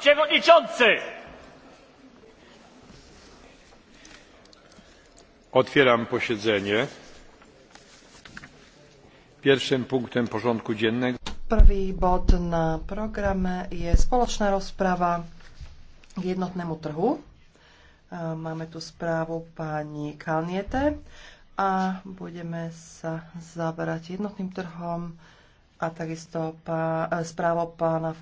przewodniczący! Otwieram posiedzenie. Pierwszym punktem porządku dziennego Prvý bod na programe je spoločná rozprava k jednotnému trhu. Máme tu správu pani Kalniete a budeme sa zaberať jednotným trhom a takisto pá, e, správo pána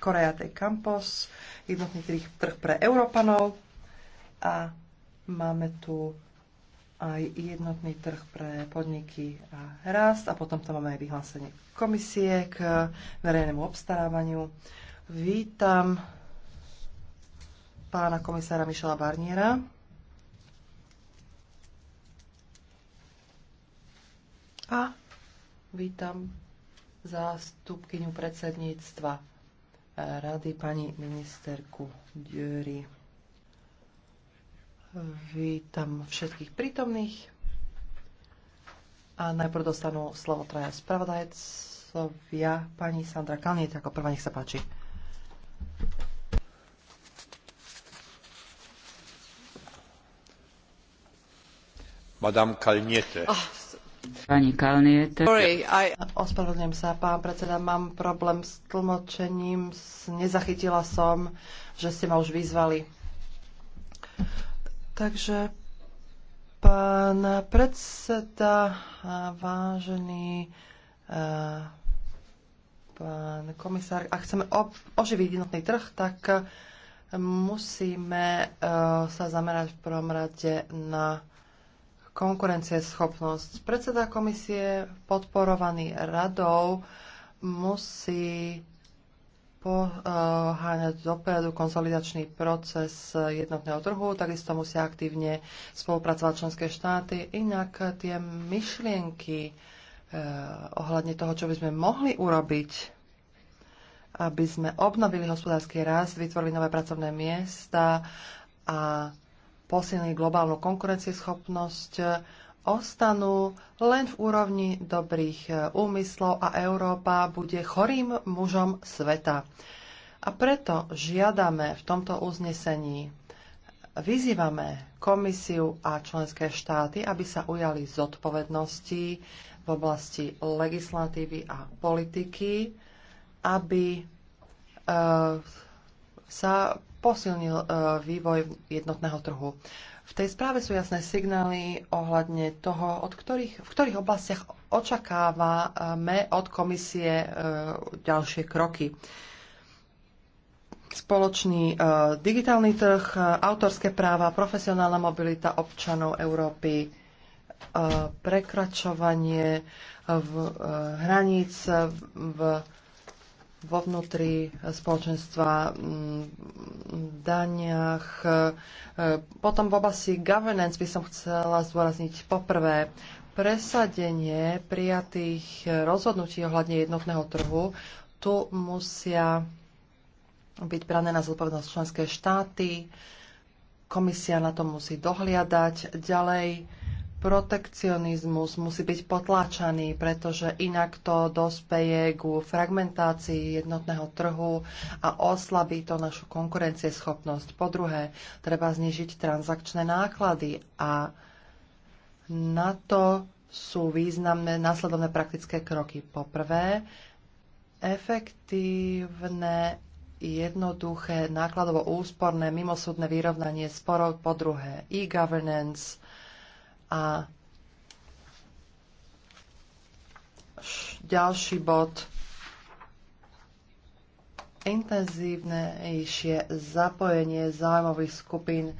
Korea de Campos, jednotný trh pre Európanov a máme tu aj jednotný trh pre podniky a rast a potom tam máme aj vyhlásenie komisie k verejnému obstarávaniu. Vítam pána komisára Mišela Barniera. A vítam zástupkyňu predsedníctva eh, rady pani ministerku Dury. Vítam všetkých prítomných a najprv dostanú slovo traja spravodajcovia. Pani Sandra Kalniet, ako prvá, nech sa páči. Madame Kalniete. Oh. Pani I... Ospravedlňujem sa, pán predseda, mám problém s tlmočením. Nezachytila som, že ste ma už vyzvali. Takže pán predseda, vážený eh, pán komisár, ak chceme oživiť jednotný trh, tak eh, musíme eh, sa zamerať v prvom rade na konkurencieschopnosť. Predseda komisie, podporovaný radou, musí poháňať dopredu konsolidačný proces jednotného trhu, takisto musia aktívne spolupracovať členské štáty. Inak tie myšlienky eh, ohľadne toho, čo by sme mohli urobiť, aby sme obnovili hospodársky rast, vytvorili nové pracovné miesta a posilní globálnu konkurencieschopnosť, ostanú len v úrovni dobrých e, úmyslov a Európa bude chorým mužom sveta. A preto žiadame v tomto uznesení, vyzývame komisiu a členské štáty, aby sa ujali zodpovednosti v oblasti legislatívy a politiky, aby e, sa posilnil e, vývoj jednotného trhu. V tej správe sú jasné signály ohľadne toho, od ktorých, v ktorých oblastiach očakávame od komisie e, ďalšie kroky. Spoločný e, digitálny trh, autorské práva, profesionálna mobilita občanov Európy, prekračovanie v hraníc v vo vnútri spoločenstva, mm, daniach. E, potom v oblasti governance by som chcela zdôrazniť poprvé presadenie prijatých rozhodnutí ohľadne jednotného trhu. Tu musia byť brané na zodpovednosť členské štáty, komisia na to musí dohliadať. Ďalej Protekcionizmus musí byť potláčaný, pretože inak to dospeje ku fragmentácii jednotného trhu a oslabí to našu konkurencieschopnosť. Po druhé, treba znižiť transakčné náklady a na to sú významné následovné praktické kroky. Po prvé, efektívne, jednoduché, nákladovo úsporné mimosúdne vyrovnanie sporov. Po druhé, e-governance, a ďalší bod intenzívnejšie zapojenie zájmových skupín e,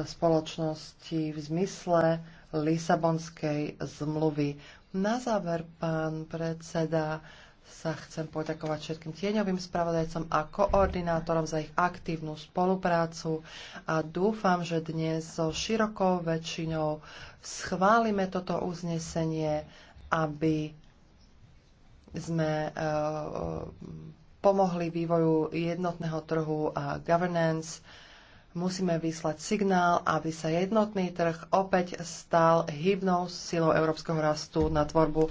spoločnosti v zmysle Lisabonskej zmluvy. Na záver, pán predseda, sa chcem poďakovať všetkým tieňovým spravodajcom a koordinátorom za ich aktívnu spoluprácu a dúfam, že dnes so širokou väčšinou schválime toto uznesenie, aby sme e, e, pomohli vývoju jednotného trhu a governance musíme vyslať signál, aby sa jednotný trh opäť stal hybnou silou európskeho rastu na tvorbu e,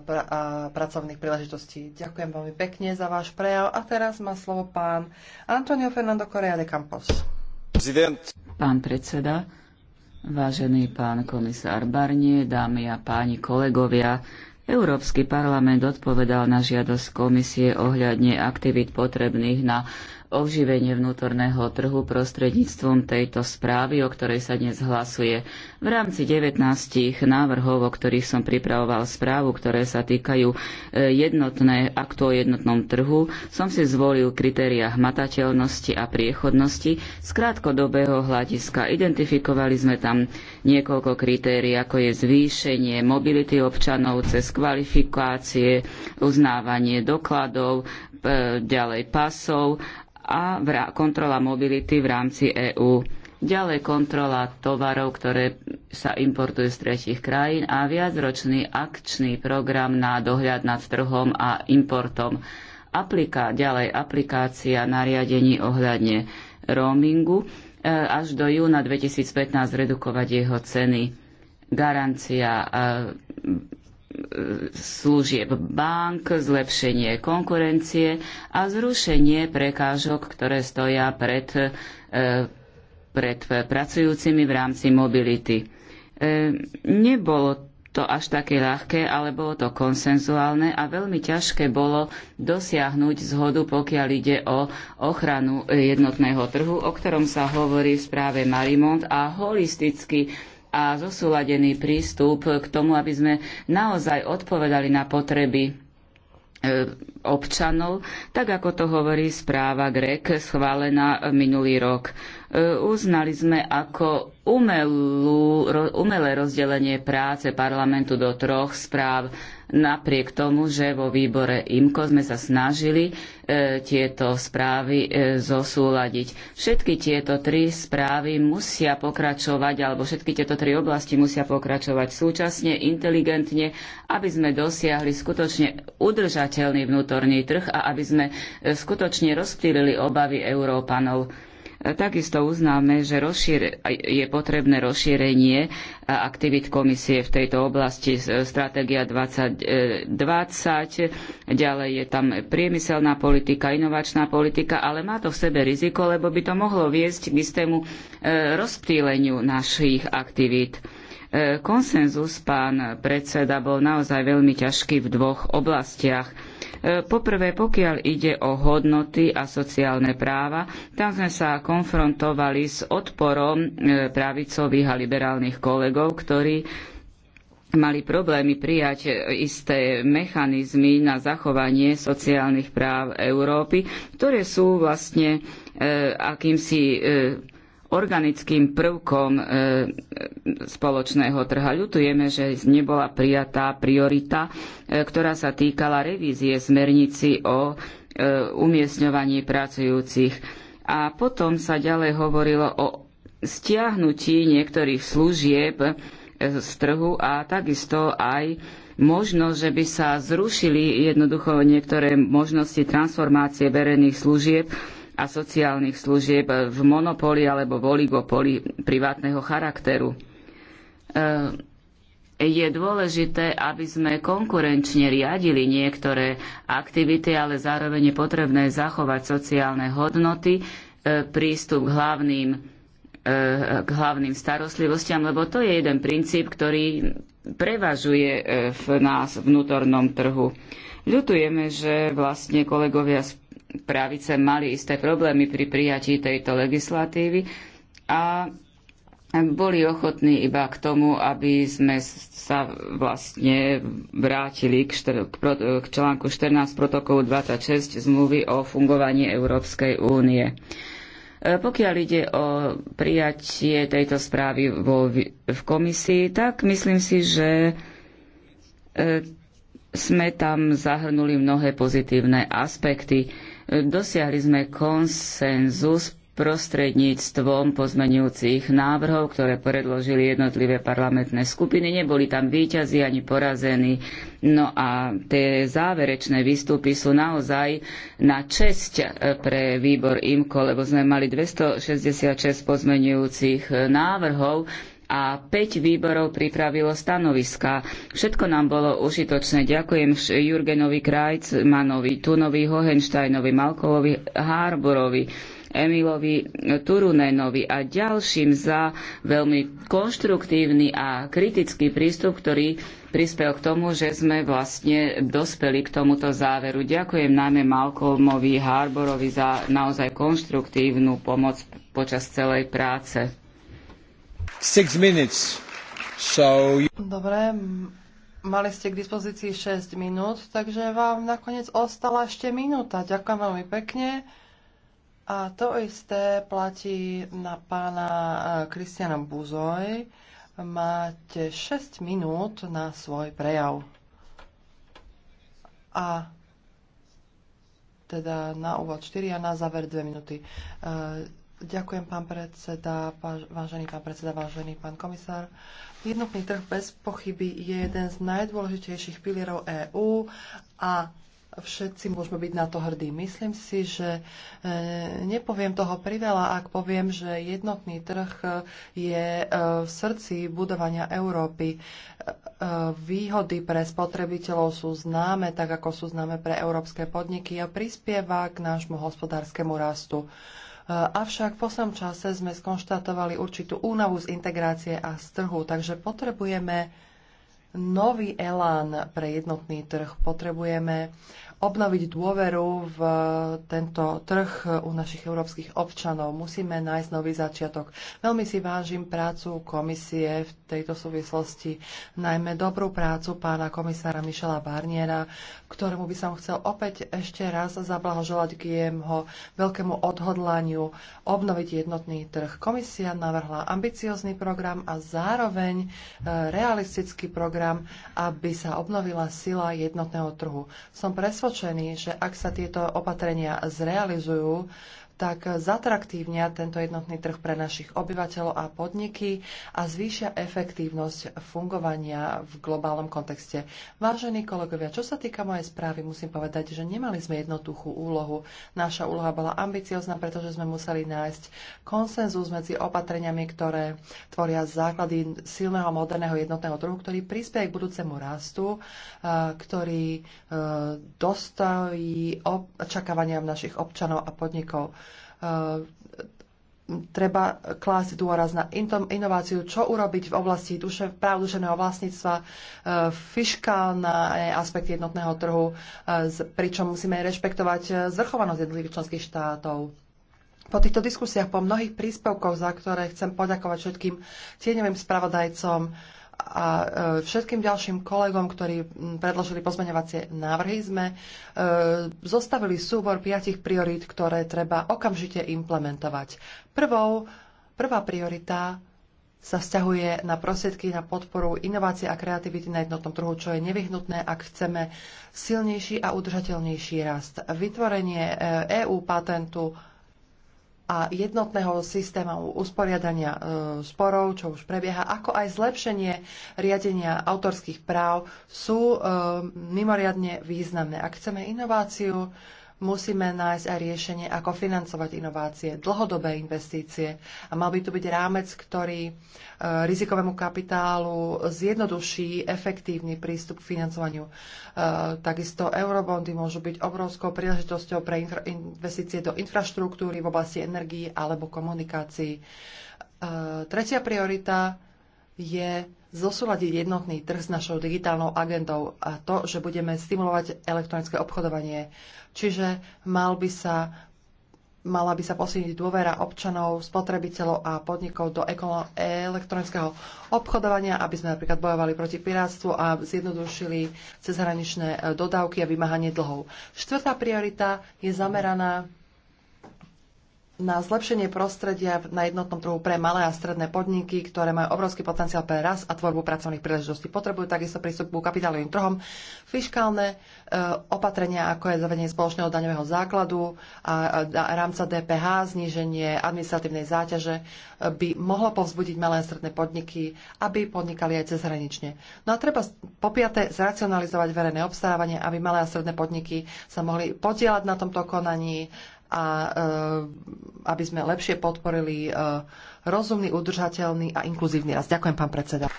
pra a pracovných príležitostí. Ďakujem veľmi pekne za váš prejav a teraz má slovo pán Antonio Fernando Correa de Campos. Prezident. Pán predseda, vážený pán komisár Barnie, dámy a páni kolegovia, Európsky parlament odpovedal na žiadosť komisie ohľadne aktivít potrebných na oživenie vnútorného trhu prostredníctvom tejto správy, o ktorej sa dnes hlasuje. V rámci 19 návrhov, o ktorých som pripravoval správu, ktoré sa týkajú e, jednotné aktu o jednotnom trhu, som si zvolil kritéria hmatateľnosti a priechodnosti. Z krátkodobého hľadiska identifikovali sme tam niekoľko kritérií, ako je zvýšenie mobility občanov cez kvalifikácie, uznávanie dokladov, e, ďalej pasov a kontrola mobility v rámci EÚ. Ďalej kontrola tovarov, ktoré sa importujú z tretich krajín a viacročný akčný program na dohľad nad trhom a importom. Aplika, ďalej aplikácia nariadení ohľadne roamingu e, až do júna 2015 redukovať jeho ceny. Garancia e, služieb bank, zlepšenie konkurencie a zrušenie prekážok, ktoré stoja pred, e, pred pracujúcimi v rámci mobility. E, nebolo to až také ľahké, ale bolo to konsenzuálne a veľmi ťažké bolo dosiahnuť zhodu, pokiaľ ide o ochranu jednotného trhu, o ktorom sa hovorí v správe Marimont a holisticky a zosúladený prístup k tomu, aby sme naozaj odpovedali na potreby e, občanov, tak ako to hovorí správa GREK schválená minulý rok. E, uznali sme ako umelú, umelé rozdelenie práce parlamentu do troch správ napriek tomu, že vo výbore IMKO sme sa snažili e, tieto správy e, zosúladiť. Všetky tieto tri správy musia pokračovať, alebo všetky tieto tri oblasti musia pokračovať súčasne, inteligentne, aby sme dosiahli skutočne udržateľný vnútorný trh a aby sme e, skutočne rozptýlili obavy Európanov Takisto uznáme, že rozšír, je potrebné rozšírenie aktivít komisie v tejto oblasti. Stratégia 2020, e, ďalej je tam priemyselná politika, inovačná politika, ale má to v sebe riziko, lebo by to mohlo viesť k istému e, rozptýleniu našich aktivít. E, konsenzus, pán predseda, bol naozaj veľmi ťažký v dvoch oblastiach Poprvé, pokiaľ ide o hodnoty a sociálne práva, tam sme sa konfrontovali s odporom e, pravicových a liberálnych kolegov, ktorí mali problémy prijať e, isté mechanizmy na zachovanie sociálnych práv Európy, ktoré sú vlastne e, akýmsi organickým prvkom e, spoločného trha. Ľutujeme, že nebola prijatá priorita, e, ktorá sa týkala revízie smernici o e, umiestňovaní pracujúcich. A potom sa ďalej hovorilo o stiahnutí niektorých služieb e, z trhu a takisto aj možno, že by sa zrušili jednoducho niektoré možnosti transformácie verejných služieb a sociálnych služieb v monopoli alebo v oligopoli privátneho charakteru. E, je dôležité, aby sme konkurenčne riadili niektoré aktivity, ale zároveň je potrebné zachovať sociálne hodnoty, e, prístup k hlavným, e, k hlavným starostlivostiam, lebo to je jeden princíp, ktorý prevažuje v nás vnútornom trhu. Ľutujeme, že vlastne kolegovia z pravice mali isté problémy pri prijatí tejto legislatívy a boli ochotní iba k tomu, aby sme sa vlastne vrátili k, štr- k článku 14 protokolu 26 zmluvy o fungovaní Európskej únie. E, pokiaľ ide o prijatie tejto správy vo, v komisii, tak myslím si, že e, sme tam zahrnuli mnohé pozitívne aspekty. Dosiahli sme konsenzus prostredníctvom pozmenujúcich návrhov, ktoré predložili jednotlivé parlamentné skupiny. Neboli tam výťazí ani porazení. No a tie záverečné výstupy sú naozaj na česť eh, pre výbor IMKO, lebo sme mali 266 pozmenujúcich eh, návrhov a 5 výborov pripravilo stanoviská. Všetko nám bolo užitočné. Ďakujem Jurgenovi Krajcmanovi, Tunovi, Hohensteinovi, Malkolovi, Harborovi, Emilovi Turunenovi a ďalším za veľmi konštruktívny a kritický prístup, ktorý prispel k tomu, že sme vlastne dospeli k tomuto záveru. Ďakujem najmä Malcolmovi Harborovi za naozaj konštruktívnu pomoc počas celej práce six minutes. So you... Dobre, mali ste k dispozícii 6 minút, takže vám nakoniec ostala ešte minúta. Ďakujem veľmi pekne. A to isté platí na pána e, Kristiana Buzoj. Máte 6 minút na svoj prejav. A teda na úvod 4 a na záver 2 minúty. E, Ďakujem, pán predseda, vážený pán predseda, vážený pán komisár. Jednotný trh bez pochyby je jeden z najdôležitejších pilierov EÚ a všetci môžeme byť na to hrdí. Myslím si, že e, nepoviem toho priveľa, ak poviem, že jednotný trh je e, v srdci budovania Európy. E, výhody pre spotrebiteľov sú známe, tak ako sú známe pre európske podniky a prispieva k nášmu hospodárskemu rastu. Eh, avšak po samom čase sme skonštatovali určitú únavu z integrácie a z trhu, takže potrebujeme nový elán pre jednotný trh. Potrebujeme obnoviť dôveru v eh, tento trh eh, u našich európskych občanov. Musíme nájsť nový začiatok. Veľmi si vážim prácu komisie v tejto súvislosti, najmä dobrú prácu pána komisára Mišela Barniera, ktorému by som chcel opäť ešte raz zablahoželať k jeho veľkému odhodlaniu obnoviť jednotný trh. Komisia navrhla ambiciózny program a zároveň eh, realistický program, aby sa obnovila sila jednotného trhu. Som presvedčená, presvedčení, že ak sa tieto opatrenia zrealizujú, tak zatraktívnia tento jednotný trh pre našich obyvateľov a podniky a zvýšia efektívnosť fungovania v globálnom kontexte. Vážení kolegovia, čo sa týka mojej správy, musím povedať, že nemali sme jednotuchú úlohu. Naša úloha bola ambiciozna, pretože sme museli nájsť konsenzus medzi opatreniami, ktoré tvoria základy silného moderného jednotného trhu, ktorý prispieje k budúcemu rastu, ktorý e, dostojí očakávaniam našich občanov a podnikov. E, treba klásť dôraz na inováciu, čo urobiť v oblasti duše, práv duševného vlastníctva, e, fiškálne aspekty jednotného trhu, e, pričom musíme rešpektovať zvrchovanosť jednotlivých členských štátov. Po týchto diskusiách, po mnohých príspevkoch, za ktoré chcem poďakovať všetkým tieňovým spravodajcom, a e, všetkým ďalším kolegom, ktorí predložili pozmeňovacie návrhy, sme e, zostavili súbor piatich priorít, ktoré treba okamžite implementovať. Prvou, prvá priorita sa vzťahuje na prosiedky na podporu inovácie a kreativity na jednotnom trhu, čo je nevyhnutné, ak chceme silnejší a udržateľnejší rast. Vytvorenie EU e patentu a jednotného systému usporiadania e, sporov, čo už prebieha, ako aj zlepšenie riadenia autorských práv sú e, mimoriadne významné. Ak chceme inováciu, musíme nájsť aj riešenie, ako financovať inovácie, dlhodobé investície. A mal by tu byť rámec, ktorý e, rizikovému kapitálu zjednoduší efektívny prístup k financovaniu. E, takisto eurobondy môžu byť obrovskou príležitosťou pre investície do infraštruktúry v oblasti energií alebo komunikácií. E, tretia priorita je zosúľadiť jednotný trh s našou digitálnou agendou a to, že budeme stimulovať elektronické obchodovanie. Čiže mal by sa, mala by sa posilniť dôvera občanov, spotrebiteľov a podnikov do elektronického obchodovania, aby sme napríklad bojovali proti pirátstvu a zjednodušili cezhraničné dodávky a vymáhanie dlhov. Štvrtá priorita je zameraná na zlepšenie prostredia na jednotnom trhu pre malé a stredné podniky, ktoré majú obrovský potenciál pre rast a tvorbu pracovných príležitostí. Potrebujú takisto prístup ku kapitálovým trhom, fiskálne e, opatrenia, ako je zavedenie spoločného daňového základu a, a rámca DPH, zníženie administratívnej záťaže e, by mohlo povzbudiť malé a stredné podniky, aby podnikali aj cezhranične. No a treba popiate zracionalizovať verejné obstarávanie, aby malé a stredné podniky sa mohli podielať na tomto konaní a eh, aby sme lepšie podporili eh, rozumný, udržateľný a inkluzívny rast. Ďakujem, pán predseda.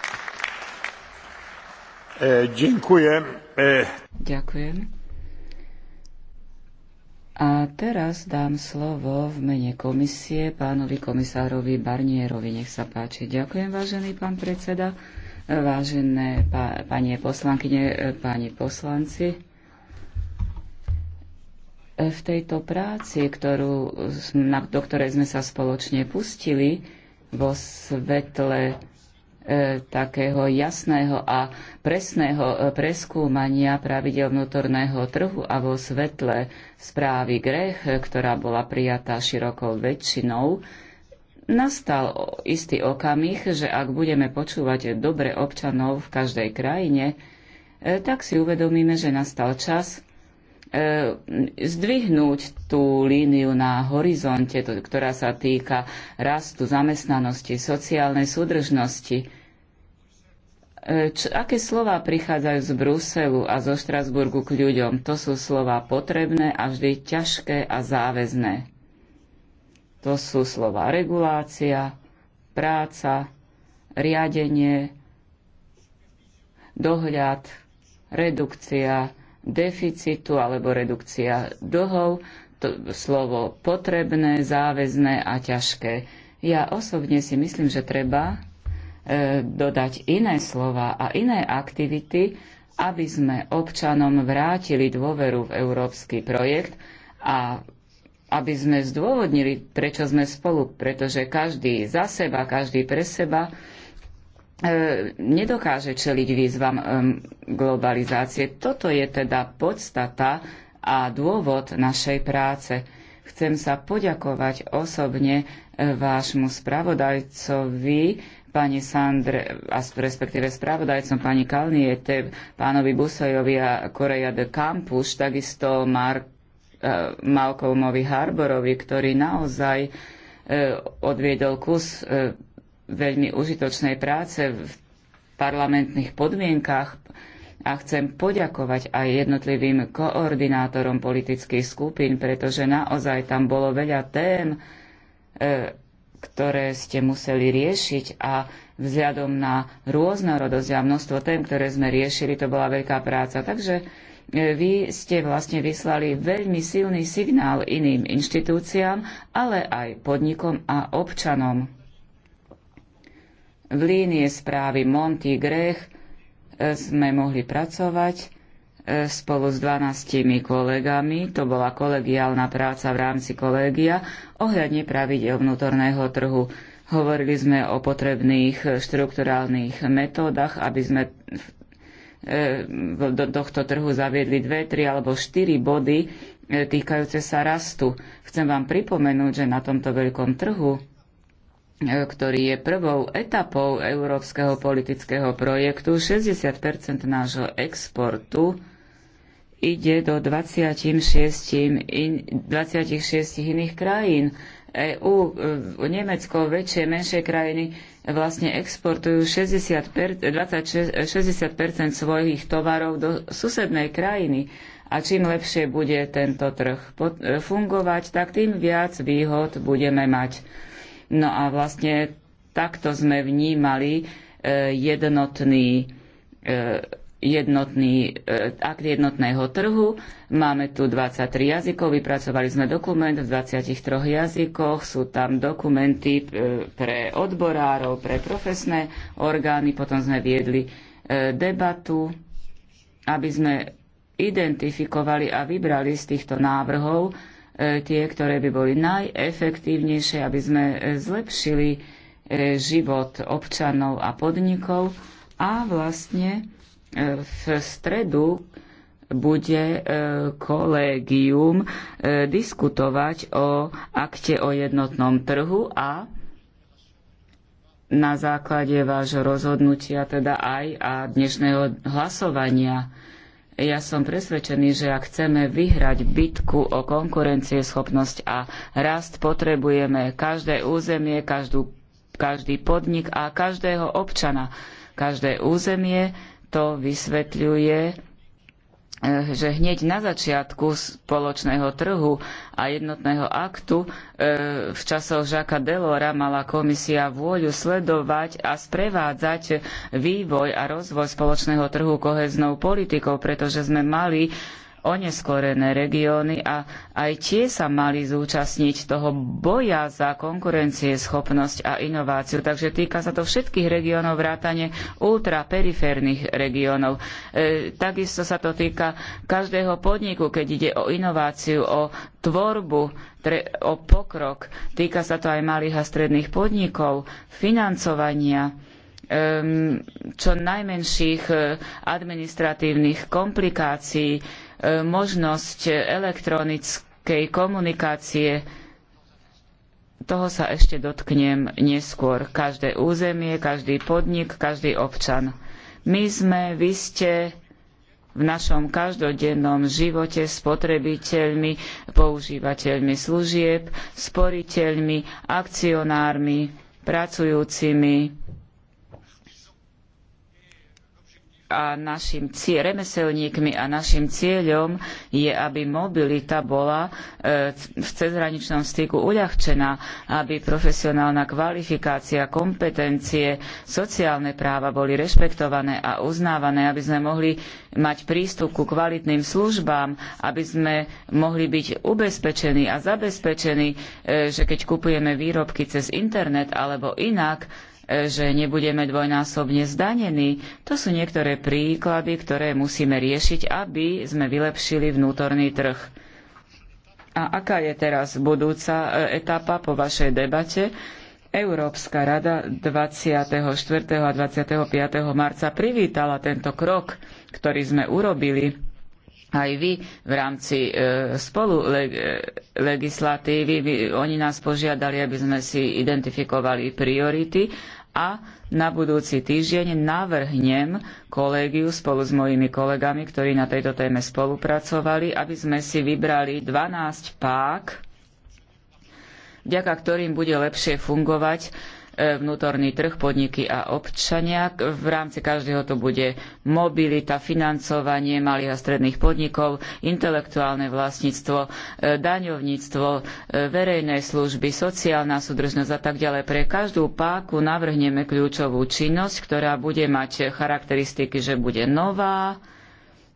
E, ďakujem. E... Ďakujem. A teraz dám slovo v mene komisie pánovi komisárovi Barnierovi. Nech sa páči. Ďakujem, vážený pán predseda, vážené pá, pani poslankyne, e, páni poslanci v tejto práci, ktorú, do ktorej sme sa spoločne pustili vo svetle e, takého jasného a presného e, preskúmania pravidel vnútorného trhu a vo svetle správy Grech, ktorá bola prijatá širokou väčšinou, nastal istý okamih, že ak budeme počúvať dobre občanov v každej krajine, e, tak si uvedomíme, že nastal čas E, zdvihnúť tú líniu na horizonte, ktorá sa týka rastu, zamestnanosti, sociálnej súdržnosti. E, č- aké slova prichádzajú z Bruselu a zo Štrasburgu k ľuďom? To sú slova potrebné a vždy ťažké a záväzné. To sú slova regulácia, práca, riadenie, dohľad, redukcia, deficitu alebo redukcia dlhov, to slovo potrebné, záväzné a ťažké. Ja osobne si myslím, že treba e, dodať iné slova a iné aktivity, aby sme občanom vrátili dôveru v európsky projekt a aby sme zdôvodnili, prečo sme spolu, pretože každý za seba, každý pre seba E, nedokáže čeliť výzvam e, globalizácie. Toto je teda podstata a dôvod našej práce. Chcem sa poďakovať osobne e, vášmu spravodajcovi, pani Sandre, a respektíve spravodajcom pani Kalniete, pánovi Busojovi a Koreja de Campus, takisto Mark, Malcolmovi Harborovi, ktorý naozaj odviedol kus veľmi užitočnej práce v parlamentných podmienkach a chcem poďakovať aj jednotlivým koordinátorom politických skupín, pretože naozaj tam bolo veľa tém, e, ktoré ste museli riešiť a vzhľadom na rôznorodosť a množstvo tém, ktoré sme riešili, to bola veľká práca. Takže e, vy ste vlastne vyslali veľmi silný signál iným inštitúciám, ale aj podnikom a občanom v línie správy Monty Grech e, sme mohli pracovať e, spolu s 12 kolegami, to bola kolegiálna práca v rámci kolégia, ohľadne pravidel vnútorného trhu. Hovorili sme o potrebných štrukturálnych metódach, aby sme e, do tohto trhu zaviedli dve, tri alebo štyri body týkajúce sa rastu. Chcem vám pripomenúť, že na tomto veľkom trhu ktorý je prvou etapou európskeho politického projektu. 60 nášho exportu ide do 26, in, 26 iných krajín. EU, e, Nemecko, väčšie, menšie krajiny vlastne exportujú 60, per, 26, 60 svojich tovarov do susednej krajiny. A čím lepšie bude tento trh e, fungovať, tak tým viac výhod budeme mať. No a vlastne takto sme vnímali e, jednotný, e, jednotný e, akt jednotného trhu. Máme tu 23 jazykov, vypracovali sme dokument v 23 jazykoch, sú tam dokumenty pre odborárov, pre profesné orgány, potom sme viedli debatu, aby sme identifikovali a vybrali z týchto návrhov E, tie, ktoré by boli najefektívnejšie, aby sme e, zlepšili e, život občanov a podnikov. A vlastne v stredu bude kolégium diskutovať o akte o jednotnom trhu a na základe vášho rozhodnutia, teda aj a dnešného hlasovania ja som presvedčený, že ak chceme vyhrať bitku o konkurencieschopnosť a rast, potrebujeme každé územie, každú, každý podnik a každého občana. Každé územie to vysvetľuje Eh, že hneď na začiatku spoločného trhu a jednotného aktu eh, v časoch Žaka Delora mala komisia vôľu sledovať a sprevádzať vývoj a rozvoj spoločného trhu koheznou politikou, pretože sme mali oneskorené regióny a aj tie sa mali zúčastniť toho boja za konkurencieschopnosť a inováciu. Takže týka sa to všetkých regiónov vrátane ultraperiférnych regiónov. E, takisto sa to týka každého podniku, keď ide o inováciu, o tvorbu, tre, o pokrok. Týka sa to aj malých a stredných podnikov, financovania čo najmenších e, administratívnych komplikácií, E, možnosť elektronickej komunikácie. Toho sa ešte dotknem neskôr. Každé územie, každý podnik, každý občan. My sme, vy ste v našom každodennom živote spotrebiteľmi, používateľmi služieb, sporiteľmi, akcionármi, pracujúcimi a našim remeselníkmi a našim cieľom je, aby mobilita bola e, v cezhraničnom styku uľahčená, aby profesionálna kvalifikácia, kompetencie, sociálne práva boli rešpektované a uznávané, aby sme mohli mať prístup ku kvalitným službám, aby sme mohli byť ubezpečení a zabezpečení, e, že keď kupujeme výrobky cez internet alebo inak, že nebudeme dvojnásobne zdanení. To sú niektoré príklady, ktoré musíme riešiť, aby sme vylepšili vnútorný trh. A aká je teraz budúca e, etapa po vašej debate? Európska rada 24. a 25. marca privítala tento krok, ktorý sme urobili aj vy v rámci e, spolu e, legislatívy. Oni nás požiadali, aby sme si identifikovali priority a na budúci týždeň navrhnem kolégiu spolu s mojimi kolegami, ktorí na tejto téme spolupracovali, aby sme si vybrali 12 pák, vďaka ktorým bude lepšie fungovať vnútorný trh, podniky a občania. V rámci každého to bude mobilita, financovanie malých a stredných podnikov, intelektuálne vlastníctvo, e, daňovníctvo, e, verejné služby, sociálna súdržnosť a tak ďalej. Pre každú páku navrhneme kľúčovú činnosť, ktorá bude mať charakteristiky, že bude nová,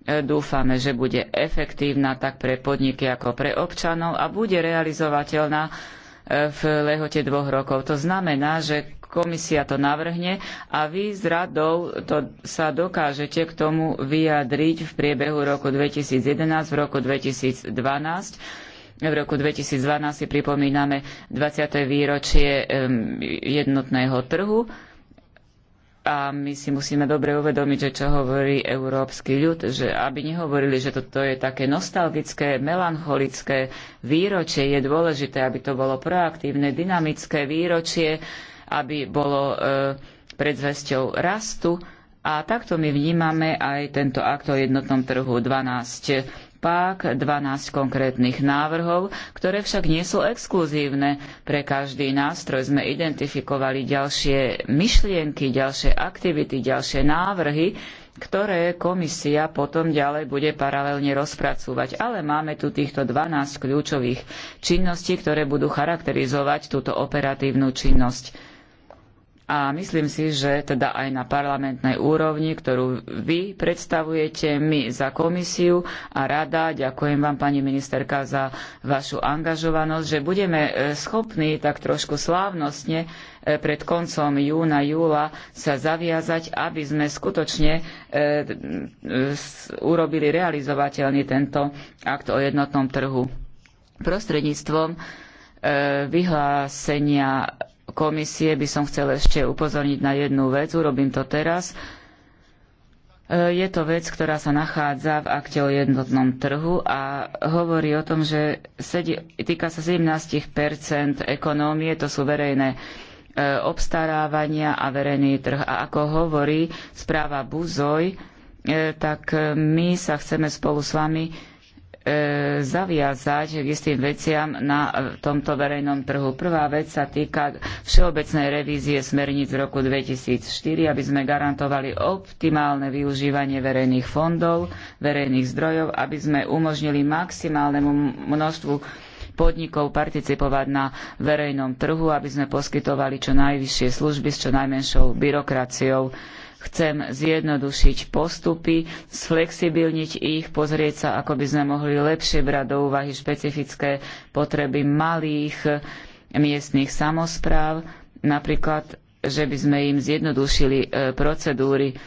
e, dúfame, že bude efektívna tak pre podniky ako pre občanov a bude realizovateľná v lehote dvoch rokov. To znamená, že komisia to navrhne a vy s radou to sa dokážete k tomu vyjadriť v priebehu roku 2011, v roku 2012. V roku 2012 si pripomíname 20. výročie jednotného trhu a my si musíme dobre uvedomiť, že čo hovorí európsky ľud, že aby nehovorili, že toto je také nostalgické, melancholické výročie, je dôležité, aby to bolo proaktívne, dynamické výročie, aby bolo e, zväzťou rastu. A takto my vnímame aj tento akt o jednotnom trhu 12 pák 12 konkrétnych návrhov, ktoré však nie sú exkluzívne. Pre každý nástroj sme identifikovali ďalšie myšlienky, ďalšie aktivity, ďalšie návrhy, ktoré komisia potom ďalej bude paralelne rozpracúvať. Ale máme tu týchto 12 kľúčových činností, ktoré budú charakterizovať túto operatívnu činnosť. A myslím si, že teda aj na parlamentnej úrovni, ktorú vy predstavujete, my za komisiu a rada, ďakujem vám pani ministerka za vašu angažovanosť, že budeme e, schopní tak trošku slávnostne e, pred koncom júna, júla sa zaviazať, aby sme skutočne e, urobili realizovateľný tento akt o jednotnom trhu. Prostredníctvom vyhlásenia komisie by som chcel ešte upozorniť na jednu vec, urobím to teraz. E, je to vec, ktorá sa nachádza v akte o jednotnom trhu a hovorí o tom, že týka sa 17 ekonómie, to sú verejné e, obstarávania a verejný trh. A ako hovorí správa Buzoj, e, tak my sa chceme spolu s vami E, zaviazať k istým veciam na tomto verejnom trhu. Prvá vec sa týka všeobecnej revízie smerníc z roku 2004, aby sme garantovali optimálne využívanie verejných fondov, verejných zdrojov, aby sme umožnili maximálnemu množstvu podnikov participovať na verejnom trhu, aby sme poskytovali čo najvyššie služby s čo najmenšou byrokraciou. Chcem zjednodušiť postupy, sflexibilniť ich, pozrieť sa, ako by sme mohli lepšie brať do úvahy špecifické potreby malých miestnych samospráv, napríklad, že by sme im zjednodušili e, procedúry,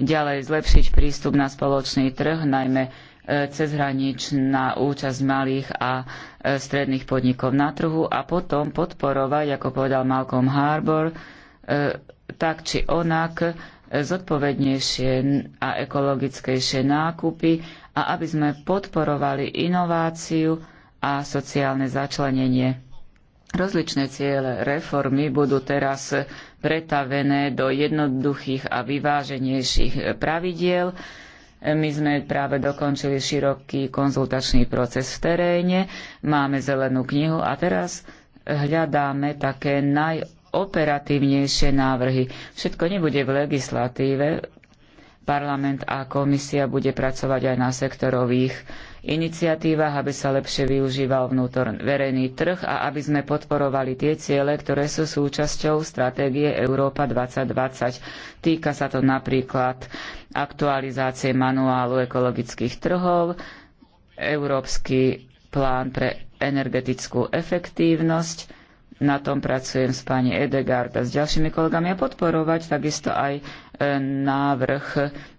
ďalej zlepšiť prístup na spoločný trh, najmä e, cezhraničná účasť malých a e, stredných podnikov na trhu a potom podporovať, ako povedal Malcolm Harbour, tak či onak zodpovednejšie a ekologickejšie nákupy a aby sme podporovali inováciu a sociálne začlenenie. Rozličné ciele reformy budú teraz pretavené do jednoduchých a vyváženejších pravidiel. My sme práve dokončili široký konzultačný proces v teréne, máme zelenú knihu a teraz hľadáme také naj operatívnejšie návrhy. Všetko nebude v legislatíve. Parlament a komisia bude pracovať aj na sektorových iniciatívach, aby sa lepšie využíval vnútor verejný trh a aby sme podporovali tie ciele, ktoré sú súčasťou stratégie Európa 2020. Týka sa to napríklad aktualizácie manuálu ekologických trhov, európsky plán pre energetickú efektívnosť, na tom pracujem s pani Edegard a s ďalšími kolegami a podporovať takisto aj e, návrh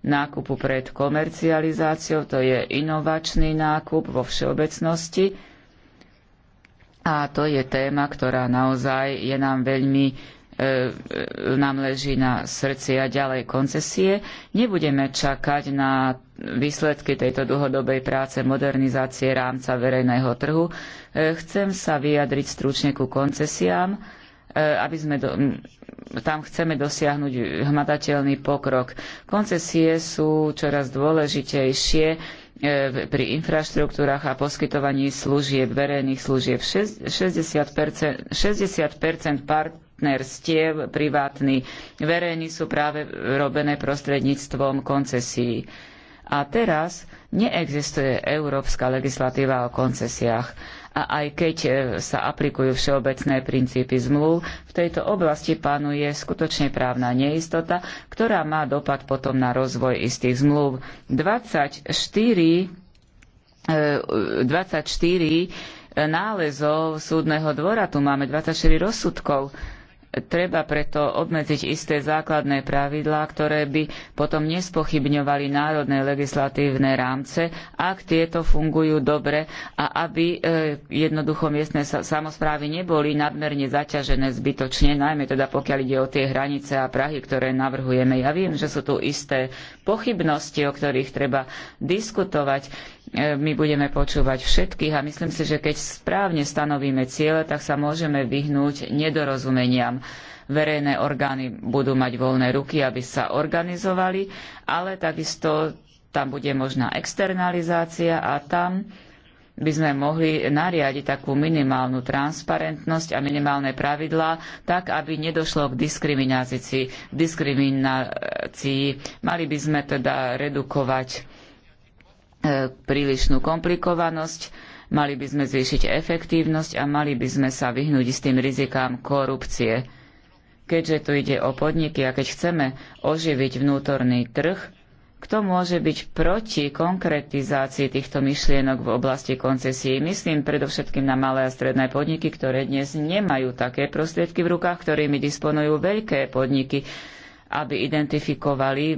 nákupu pred komercializáciou, to je inovačný nákup vo všeobecnosti. A to je téma, ktorá naozaj je nám veľmi E, e, nám leží na srdci a ďalej koncesie. Nebudeme čakať na výsledky tejto dlhodobej práce modernizácie rámca verejného trhu. E, chcem sa vyjadriť stručne ku koncesiám, aby sme do, tam chceme dosiahnuť hmatateľný pokrok. Koncesie sú čoraz dôležitejšie pri infraštruktúrach a poskytovaní služieb, verejných služieb. 60%, 60% part, partnerstiev privátny verejný sú práve robené prostredníctvom koncesií. A teraz neexistuje európska legislatíva o koncesiách. A aj keď e, sa aplikujú všeobecné princípy zmluv, v tejto oblasti panuje skutočne právna neistota, ktorá má dopad potom na rozvoj istých zmluv. 24, 24 e, e, nálezov súdneho dvora, tu máme 24 rozsudkov Treba preto obmedziť isté základné pravidlá, ktoré by potom nespochybňovali národné legislatívne rámce, ak tieto fungujú dobre a aby e, jednoducho miestne samosprávy neboli nadmerne zaťažené zbytočne, najmä teda pokiaľ ide o tie hranice a Prahy, ktoré navrhujeme. Ja viem, že sú tu isté pochybnosti, o ktorých treba diskutovať. E, my budeme počúvať všetkých a myslím si, že keď správne stanovíme ciele, tak sa môžeme vyhnúť nedorozumeniam. Verejné orgány budú mať voľné ruky, aby sa organizovali, ale takisto tam bude možná externalizácia a tam by sme mohli nariadiť takú minimálnu transparentnosť a minimálne pravidlá, tak aby nedošlo k diskriminácii. diskriminácii. Mali by sme teda redukovať E, prílišnú komplikovanosť, mali by sme zvýšiť efektívnosť a mali by sme sa vyhnúť s tým rizikám korupcie. Keďže tu ide o podniky a keď chceme oživiť vnútorný trh, kto môže byť proti konkretizácii týchto myšlienok v oblasti koncesií? Myslím predovšetkým na malé a stredné podniky, ktoré dnes nemajú také prostriedky v rukách, ktorými disponujú veľké podniky aby identifikovali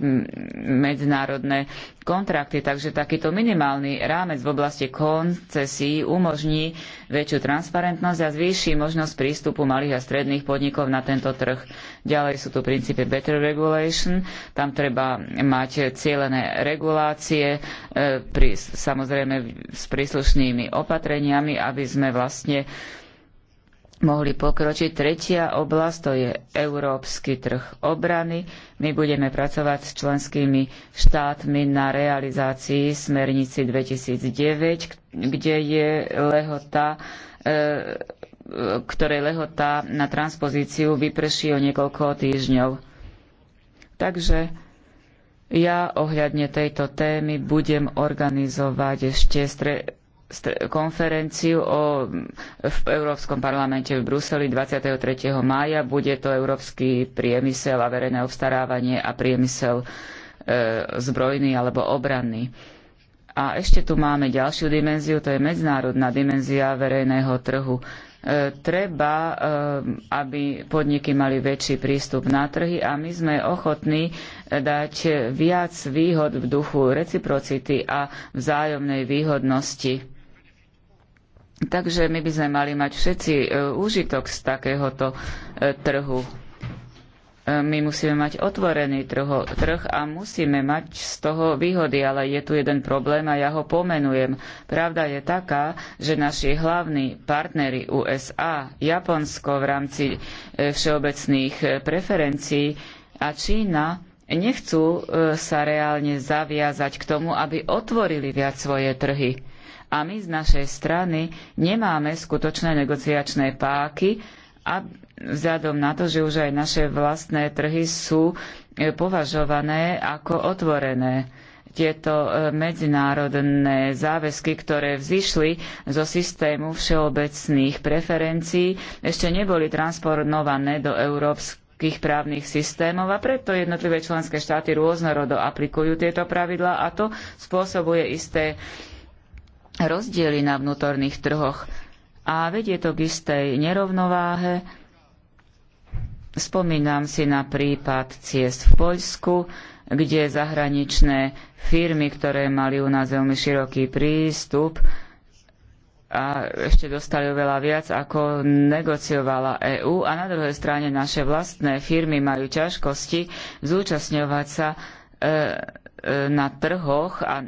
medzinárodné kontrakty. Takže takýto minimálny rámec v oblasti koncesí umožní väčšiu transparentnosť a zvýši možnosť prístupu malých a stredných podnikov na tento trh. Ďalej sú tu princípy better regulation. Tam treba mať cieľené regulácie, e, pri, samozrejme s príslušnými opatreniami, aby sme vlastne mohli pokročiť. Tretia oblasť to je európsky trh obrany. My budeme pracovať s členskými štátmi na realizácii smernici 2009, kde je lehota e, ktorej lehota na transpozíciu vyprší o niekoľko týždňov. Takže ja ohľadne tejto témy budem organizovať ešte stre- konferenciu o, v Európskom parlamente v Bruseli 23. mája. Bude to Európsky priemysel a verejné obstarávanie a priemysel e, zbrojný alebo obranný. A ešte tu máme ďalšiu dimenziu, to je medzinárodná dimenzia verejného trhu. E, treba, e, aby podniky mali väčší prístup na trhy a my sme ochotní dať viac výhod v duchu reciprocity a vzájomnej výhodnosti Takže my by sme mali mať všetci e, úžitok z takéhoto e, trhu. E, my musíme mať otvorený trho, trh a musíme mať z toho výhody, ale je tu jeden problém a ja ho pomenujem. Pravda je taká, že naši hlavní partnery USA, Japonsko v rámci všeobecných preferencií a Čína nechcú sa reálne zaviazať k tomu, aby otvorili viac svoje trhy a my z našej strany nemáme skutočné negociačné páky a vzhľadom na to, že už aj naše vlastné trhy sú e, považované ako otvorené tieto e, medzinárodné záväzky, ktoré vzýšli zo systému všeobecných preferencií, ešte neboli transponované do európskych právnych systémov a preto jednotlivé členské štáty rôznorodo aplikujú tieto pravidlá a to spôsobuje isté rozdiely na vnútorných trhoch a vedie to k istej nerovnováhe. Spomínam si na prípad ciest v Poľsku, kde zahraničné firmy, ktoré mali u nás veľmi široký prístup, a ešte dostali oveľa viac, ako negociovala EÚ a na druhej strane naše vlastné firmy majú ťažkosti zúčastňovať sa e, e, na trhoch a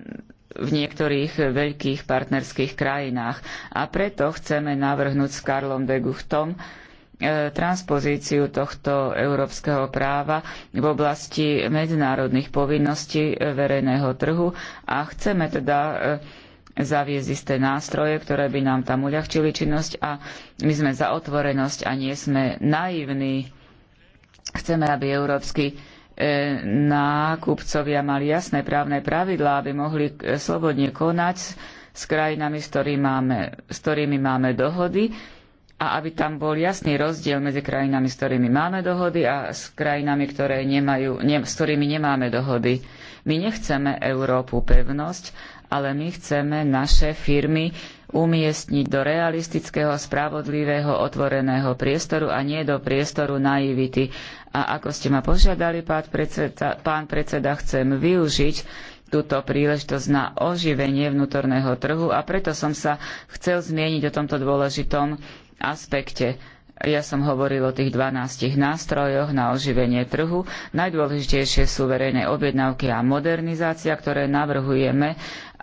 v niektorých veľkých partnerských krajinách. A preto chceme navrhnúť s Karlom de Guchtom e, transpozíciu tohto európskeho práva v oblasti medzinárodných povinností verejného trhu a chceme teda e, zaviesť isté nástroje, ktoré by nám tam uľahčili činnosť a my sme za otvorenosť a nie sme naivní. Chceme, aby európsky E, nákupcovia mali jasné právne pravidlá, aby mohli e, slobodne konať s krajinami, s, máme, s ktorými máme dohody a aby tam bol jasný rozdiel medzi krajinami, s ktorými máme dohody a s krajinami, ktoré nemajú, ne, s ktorými nemáme dohody. My nechceme Európu pevnosť, ale my chceme naše firmy umiestniť do realistického, spravodlivého, otvoreného priestoru a nie do priestoru naivity. A ako ste ma požiadali, pán predseda, pán predseda chcem využiť túto príležitosť na oživenie vnútorného trhu a preto som sa chcel zmieniť o tomto dôležitom aspekte. Ja som hovoril o tých 12 nástrojoch na oživenie trhu. Najdôležitejšie sú verejné objednávky a modernizácia, ktoré navrhujeme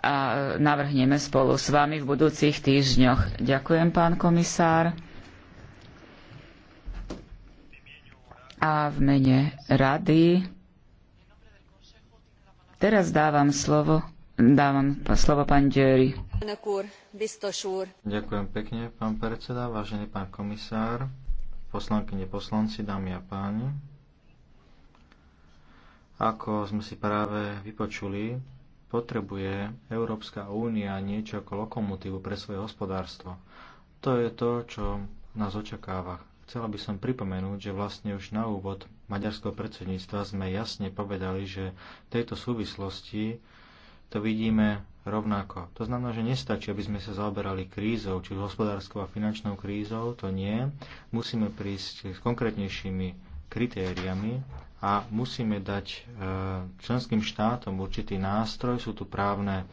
a navrhneme spolu s vami v budúcich týždňoch. Ďakujem, pán komisár. A v mene rady teraz dávam slovo Dávam slovo pán Jerry. Ďakujem pekne, pán predseda, vážený pán komisár, poslankyne, poslanci, dámy a páni. Ako sme si práve vypočuli, potrebuje Európska únia niečo ako lokomotívu pre svoje hospodárstvo. To je to, čo nás očakáva. Chcela by som pripomenúť, že vlastne už na úvod maďarského predsedníctva sme jasne povedali, že v tejto súvislosti to vidíme rovnako. To znamená, že nestačí, aby sme sa zaoberali krízou, či hospodárskou a finančnou krízou, to nie. Musíme prísť s konkrétnejšími kritériami a musíme dať e, členským štátom určitý nástroj. Sú tu právne e,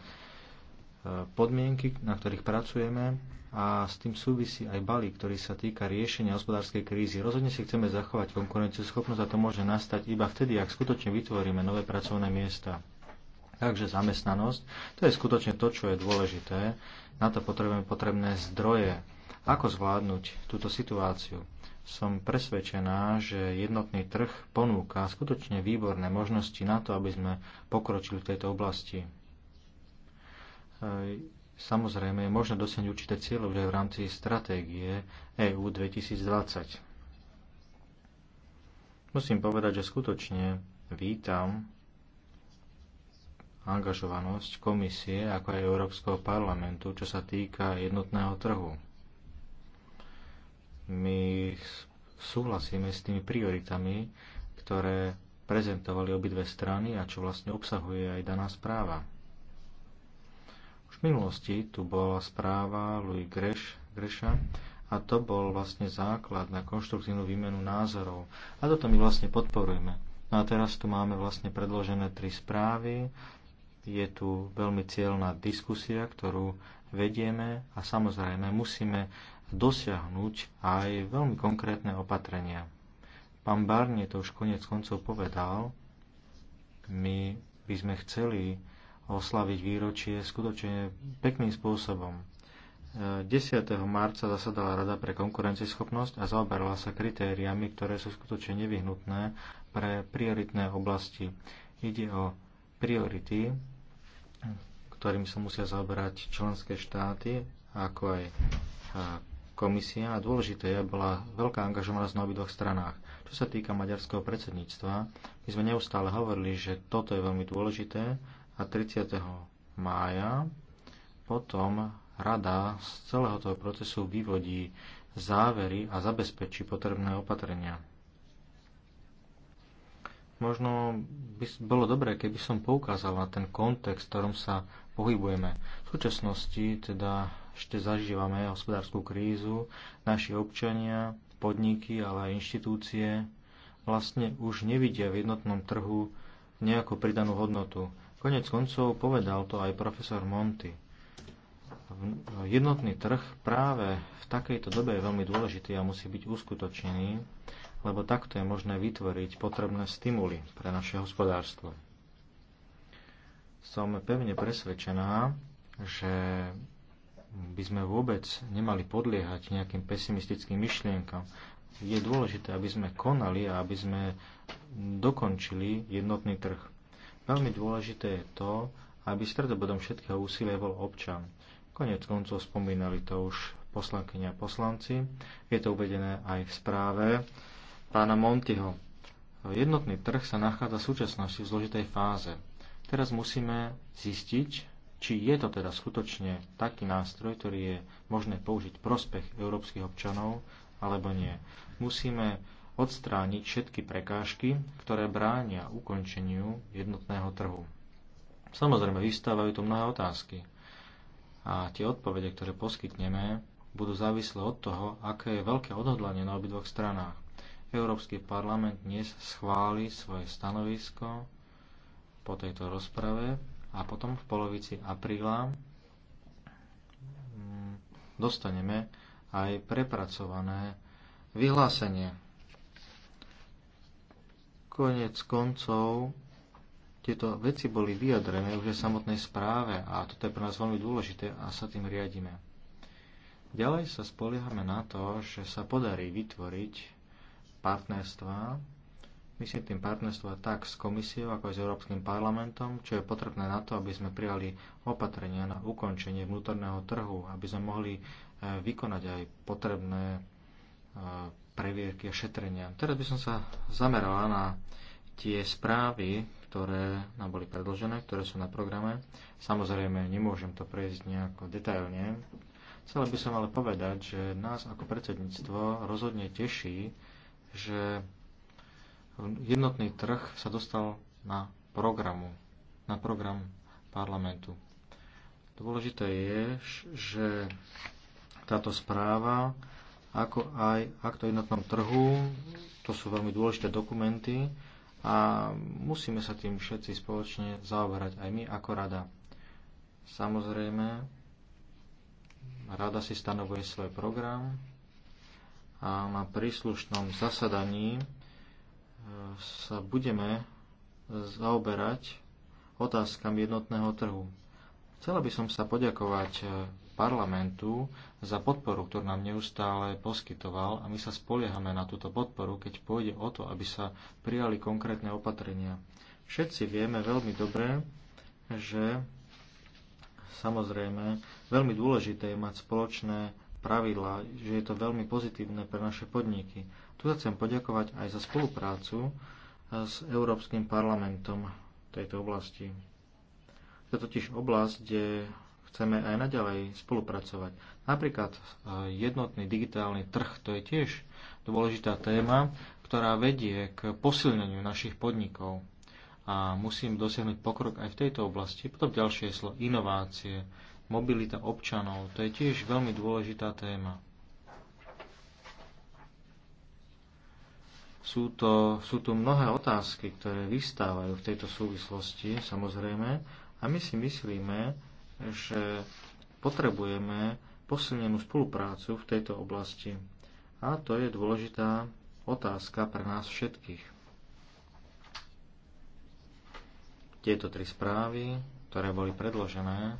podmienky, na ktorých pracujeme a s tým súvisí aj balík, ktorý sa týka riešenia hospodárskej krízy. Rozhodne si chceme zachovať konkurencieschopnosť a to môže nastať iba vtedy, ak skutočne vytvoríme nové pracovné miesta. Takže zamestnanosť, to je skutočne to, čo je dôležité. Na to potrebujeme potrebné zdroje. Ako zvládnuť túto situáciu? som presvedčená, že jednotný trh ponúka skutočne výborné možnosti na to, aby sme pokročili v tejto oblasti. E, samozrejme, je možné dosiahnuť určité cieľe už aj v rámci stratégie EU 2020. Musím povedať, že skutočne vítam angažovanosť komisie ako aj Európskeho parlamentu, čo sa týka jednotného trhu. My súhlasíme s tými prioritami, ktoré prezentovali obidve strany a čo vlastne obsahuje aj daná správa. Už v minulosti tu bola správa Louis Greš, Greša a to bol vlastne základ na konštruktívnu výmenu názorov. A toto my vlastne podporujeme. No a teraz tu máme vlastne predložené tri správy. Je tu veľmi cieľná diskusia, ktorú vedieme a samozrejme musíme dosiahnuť aj veľmi konkrétne opatrenia. Pán Barnie to už konec koncov povedal, my by sme chceli oslaviť výročie skutočne pekným spôsobom. 10. E, marca zasadala Rada pre konkurencieschopnosť a zaoberala sa kritériami, ktoré sú skutočne nevyhnutné pre prioritné oblasti. Ide o priority, ktorými sa musia zaoberať členské štáty, ako aj komisia a dôležité je, bola veľká angažovanosť na obidvoch stranách. Čo sa týka maďarského predsedníctva, my sme neustále hovorili, že toto je veľmi dôležité a 30. mája potom rada z celého toho procesu vyvodí závery a zabezpečí potrebné opatrenia. Možno by bolo dobré, keby som poukázal na ten kontext, v ktorom sa pohybujeme. V súčasnosti teda ešte zažívame hospodárskú krízu, naši občania, podniky, ale aj inštitúcie vlastne už nevidia v jednotnom trhu nejakú pridanú hodnotu. Konec koncov povedal to aj profesor Monty. Jednotný trh práve v takejto dobe je veľmi dôležitý a musí byť uskutočnený, lebo takto je možné vytvoriť potrebné stimuly pre naše hospodárstvo. Som pevne presvedčená, že by sme vôbec nemali podliehať nejakým pesimistickým myšlienkam. Je dôležité, aby sme konali a aby sme dokončili jednotný trh. Veľmi dôležité je to, aby stredobodom všetkého úsilia bol občan. Konec koncov spomínali to už poslankyne a poslanci. Je to uvedené aj v správe pána Montyho. Jednotný trh sa nachádza v súčasnosti v zložitej fáze. Teraz musíme zistiť, či je to teda skutočne taký nástroj, ktorý je možné použiť prospech európskych občanov, alebo nie. Musíme odstrániť všetky prekážky, ktoré bránia ukončeniu jednotného trhu. Samozrejme, vystávajú tu mnohé otázky. A tie odpovede, ktoré poskytneme, budú závislé od toho, aké je veľké odhodlanie na obidvoch stranách. Európsky parlament dnes schváli svoje stanovisko po tejto rozprave a potom v polovici apríla mm, dostaneme aj prepracované vyhlásenie. Konec koncov tieto veci boli vyjadrené už v samotnej správe a toto je pre nás veľmi dôležité a sa tým riadíme. Ďalej sa spoliehame na to, že sa podarí vytvoriť partnerstva Myslím tým partnerstvo tak s komisiou, ako aj s Európskym parlamentom, čo je potrebné na to, aby sme prijali opatrenia na ukončenie vnútorného trhu, aby sme mohli e, vykonať aj potrebné e, previerky a šetrenia. Teraz by som sa zamerala na tie správy, ktoré nám boli predložené, ktoré sú na programe. Samozrejme, nemôžem to prejsť nejako detailne. Chcel by som ale povedať, že nás ako predsedníctvo rozhodne teší, že jednotný trh sa dostal na, programu, na program parlamentu. Dôležité je, že táto správa, ako aj akt o jednotnom trhu, to sú veľmi dôležité dokumenty a musíme sa tým všetci spoločne zaoberať, aj my ako rada. Samozrejme, rada si stanovuje svoj program a na príslušnom zasadaní sa budeme zaoberať otázkami jednotného trhu. Chcela by som sa poďakovať eh, parlamentu za podporu, ktorú nám neustále poskytoval a my sa spoliehame na túto podporu, keď pôjde o to, aby sa prijali konkrétne opatrenia. Všetci vieme veľmi dobre, že samozrejme veľmi dôležité je mať spoločné pravidlá, že je to veľmi pozitívne pre naše podniky. Tu sa chcem poďakovať aj za spoluprácu e, s Európskym parlamentom v tejto oblasti. To je totiž oblasť, kde chceme aj naďalej spolupracovať. Napríklad e, jednotný digitálny trh, to je tiež dôležitá téma, ktorá vedie k posilneniu našich podnikov. A musím dosiahnuť pokrok aj v tejto oblasti. Potom ďalšie je inovácie mobilita občanov, to je tiež veľmi dôležitá téma. Sú, to, sú tu mnohé otázky, ktoré vystávajú v tejto súvislosti, samozrejme, a my si myslíme, že potrebujeme posilnenú spoluprácu v tejto oblasti. A to je dôležitá otázka pre nás všetkých. Tieto tri správy, ktoré boli predložené,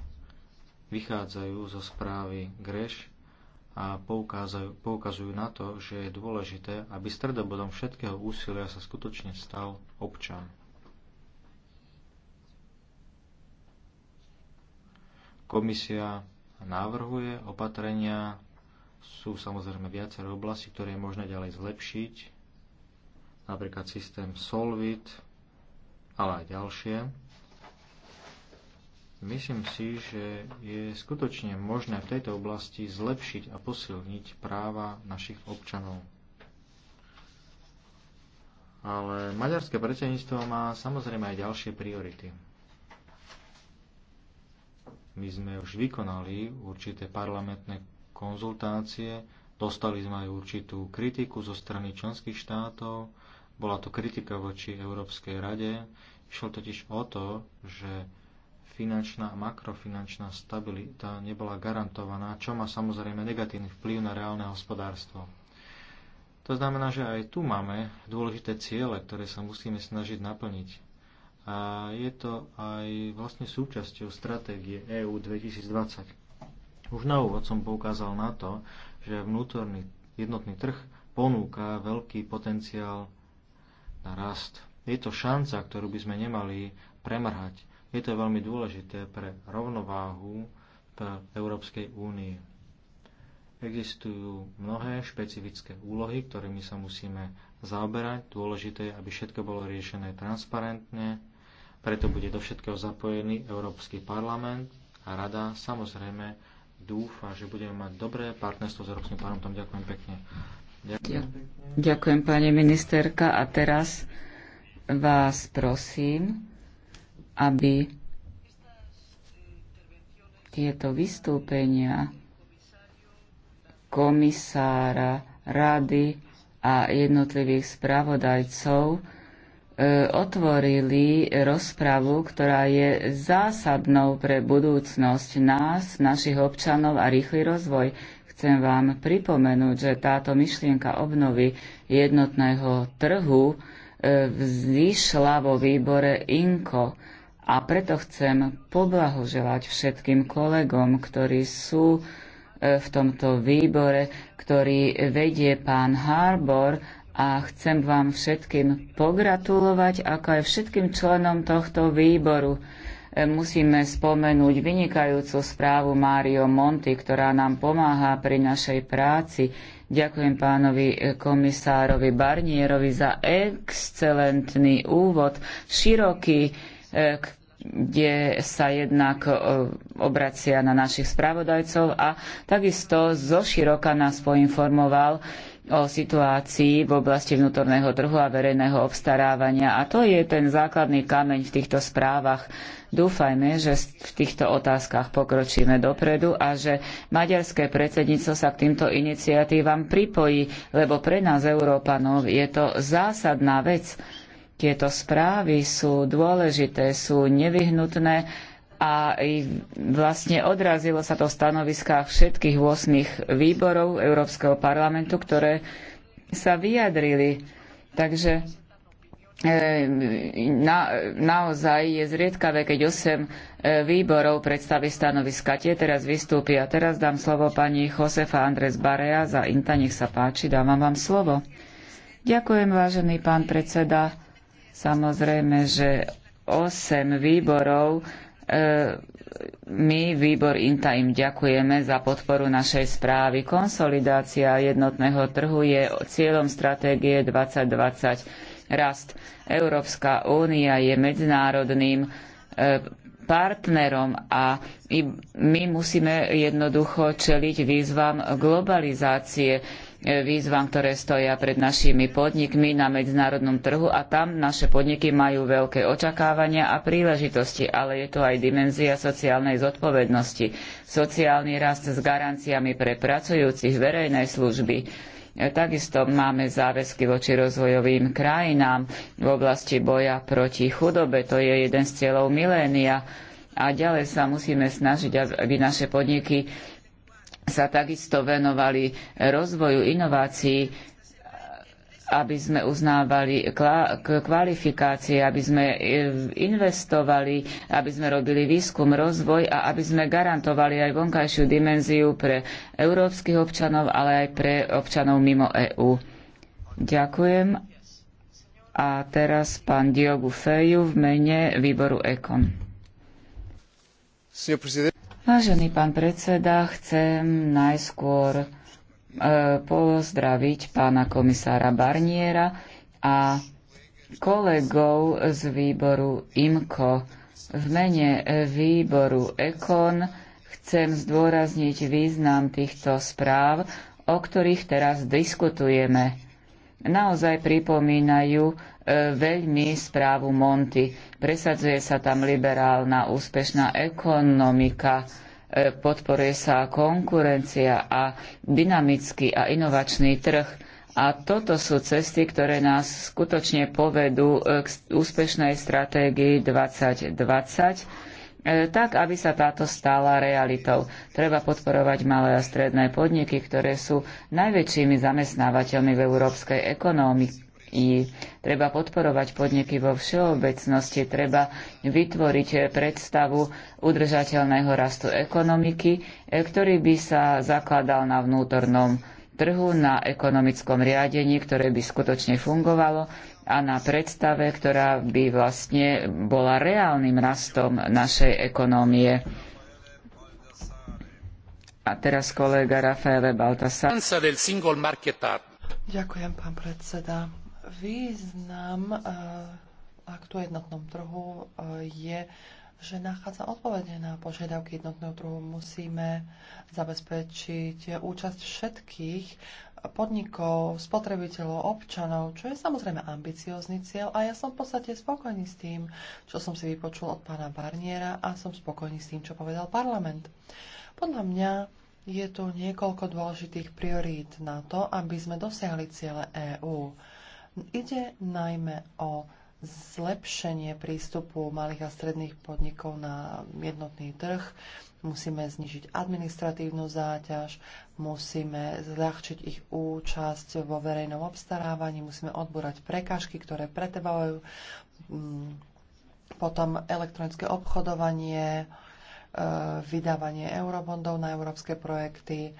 vychádzajú zo správy Greš a poukazujú, na to, že je dôležité, aby stredobodom všetkého úsilia sa skutočne stal občan. Komisia návrhuje opatrenia, sú samozrejme viaceré oblasti, ktoré je možné ďalej zlepšiť, napríklad systém Solvit, ale aj ďalšie. Myslím si, že je skutočne možné v tejto oblasti zlepšiť a posilniť práva našich občanov. Ale maďarské predsedníctvo má samozrejme aj ďalšie priority. My sme už vykonali určité parlamentné konzultácie, dostali sme aj určitú kritiku zo strany členských štátov, bola to kritika voči Európskej rade. Išlo totiž o to, že finančná a makrofinančná stabilita nebola garantovaná, čo má samozrejme negatívny vplyv na reálne hospodárstvo. To znamená, že aj tu máme dôležité ciele, ktoré sa musíme snažiť naplniť. A je to aj vlastne súčasťou stratégie EU 2020. Už na úvod som poukázal na to, že vnútorný jednotný trh ponúka veľký potenciál na rast. Je to šanca, ktorú by sme nemali premrhať je to veľmi dôležité pre rovnováhu v Európskej únii. Existujú mnohé špecifické úlohy, ktorými sa musíme zaoberať. Dôležité je, aby všetko bolo riešené transparentne, preto bude do všetkého zapojený Európsky parlament a Rada samozrejme dúfa, že budeme mať dobré partnerstvo s Európskym parlamentom. Ďakujem pekne. Ďakujem. Ďakujem, pani ministerka. A teraz vás prosím, aby tieto vystúpenia komisára, rady a jednotlivých spravodajcov e, otvorili rozpravu, ktorá je zásadnou pre budúcnosť nás, našich občanov a rýchly rozvoj. Chcem vám pripomenúť, že táto myšlienka obnovy jednotného trhu e, vzýšla vo výbore INKO a preto chcem poblahoželať všetkým kolegom, ktorí sú e, v tomto výbore, ktorý vedie pán Harbor a chcem vám všetkým pogratulovať, ako aj všetkým členom tohto výboru. E, musíme spomenúť vynikajúcu správu Mário Monti, ktorá nám pomáha pri našej práci. Ďakujem pánovi e, komisárovi Barnierovi za excelentný úvod, široký, kde sa jednak e, obracia na našich spravodajcov a takisto zo široka nás poinformoval o situácii v oblasti vnútorného trhu a verejného obstarávania. A to je ten základný kameň v týchto správach. Dúfajme, že v týchto otázkach pokročíme dopredu a že maďarské predsedníctvo sa k týmto iniciatívam pripojí, lebo pre nás, Európanov, je to zásadná vec tieto správy sú dôležité, sú nevyhnutné a vlastne odrazilo sa to v stanoviskách všetkých 8 výborov Európskeho parlamentu, ktoré sa vyjadrili. Takže e, na, naozaj je zriedkavé, keď 8 e, výborov predstaví stanoviska. Tie teraz vystúpia. a Teraz dám slovo pani Josefa Andres Barea za Inta. Nech sa páči, dávam vám slovo. Ďakujem, vážený pán predseda. Samozrejme, že 8 výborov e, my, výbor INTA, im ďakujeme za podporu našej správy. Konsolidácia jednotného trhu je cieľom stratégie 2020. Rast Európska únia je medzinárodným e, partnerom a my musíme jednoducho čeliť výzvam globalizácie E, výzvam, ktoré stoja pred našimi podnikmi na medzinárodnom trhu a tam naše podniky majú veľké očakávania a príležitosti, ale je to aj dimenzia sociálnej zodpovednosti. Sociálny rast s garanciami pre pracujúcich verejnej služby, e, Takisto máme záväzky voči rozvojovým krajinám v oblasti boja proti chudobe. To je jeden z cieľov milénia. A ďalej sa musíme snažiť, aby naše podniky sa takisto venovali rozvoju inovácií, aby sme uznávali kvalifikácie, aby sme e, investovali, aby sme robili výskum, rozvoj a aby sme garantovali aj vonkajšiu dimenziu pre európskych občanov, ale aj pre občanov mimo EÚ. Ďakujem. A teraz pán Diogu Feju v mene výboru EKON. Vážený pán predseda, chcem najskôr e, pozdraviť pána komisára Barniera a kolegov z výboru IMCO. V mene výboru EKON chcem zdôrazniť význam týchto správ, o ktorých teraz diskutujeme. Naozaj pripomínajú E, veľmi správu Monty. Presadzuje sa tam liberálna úspešná ekonomika, e, podporuje sa konkurencia a dynamický a inovačný trh. A toto sú cesty, ktoré nás skutočne povedú e, k úspešnej stratégii 2020 tak, aby sa táto stala realitou. Treba podporovať malé a stredné podniky, ktoré sú najväčšími zamestnávateľmi v európskej ekonomike i treba podporovať podniky vo všeobecnosti, treba vytvoriť predstavu udržateľného rastu ekonomiky, e, ktorý by sa zakladal na vnútornom trhu, na ekonomickom riadení, ktoré by skutočne fungovalo a na predstave, ktorá by vlastne bola reálnym rastom našej ekonomie. A teraz kolega Rafaele Baltasar. Ďakujem, pán predseda Význam eh, aktu o jednotnom trhu eh, je, že nachádza odpovede na požiadavky jednotného trhu. Musíme zabezpečiť účasť všetkých podnikov, spotrebiteľov, občanov, čo je samozrejme ambiciózny cieľ a ja som v podstate spokojný s tým, čo som si vypočul od pána Barniera a som spokojný s tým, čo povedal parlament. Podľa mňa je tu niekoľko dôležitých priorít na to, aby sme dosiahli ciele EÚ. Ide najmä o zlepšenie prístupu malých a stredných podnikov na jednotný trh. Musíme znižiť administratívnu záťaž, musíme zľahčiť ich účasť vo verejnom obstarávaní, musíme odbúrať prekážky, ktoré pretrvávajú, mm, potom elektronické obchodovanie, e, vydávanie eurobondov na európske projekty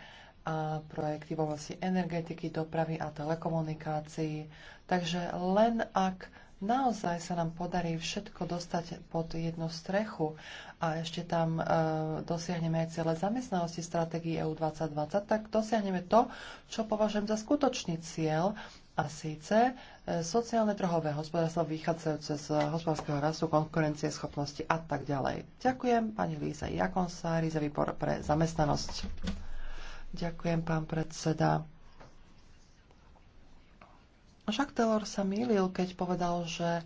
a projekty v oblasti energetiky, dopravy a telekomunikácií. Takže len ak naozaj sa nám podarí všetko dostať pod jednu strechu a ešte tam e, dosiahneme aj cieľe zamestnanosti stratégie EU 2020, tak dosiahneme to, čo považujem za skutočný cieľ a síce e, sociálne trhové hospodárstvo vychádzajúce z hospodárskeho rastu, konkurencie, schopnosti a tak ďalej. Ďakujem pani Líza Jakonsári za výbor pre zamestnanosť. Ďakujem pán predseda. Jacques Delors sa mýlil, keď povedal, že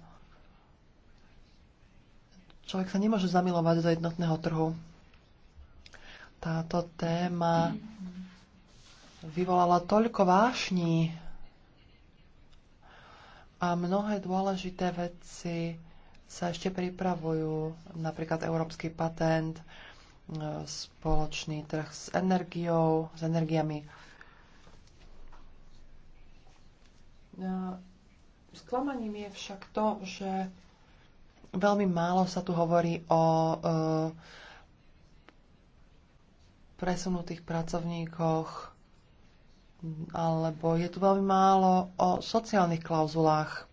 človek sa nemôže zamilovať do jednotného trhu. Táto téma vyvolala toľko vášní a mnohé dôležité veci sa ešte pripravujú, napríklad európsky patent, e, spoločný trh s energiou, s energiami E, sklamaním je však to, že veľmi málo sa tu hovorí o e, presunutých pracovníkoch, alebo je tu veľmi málo o sociálnych klauzulách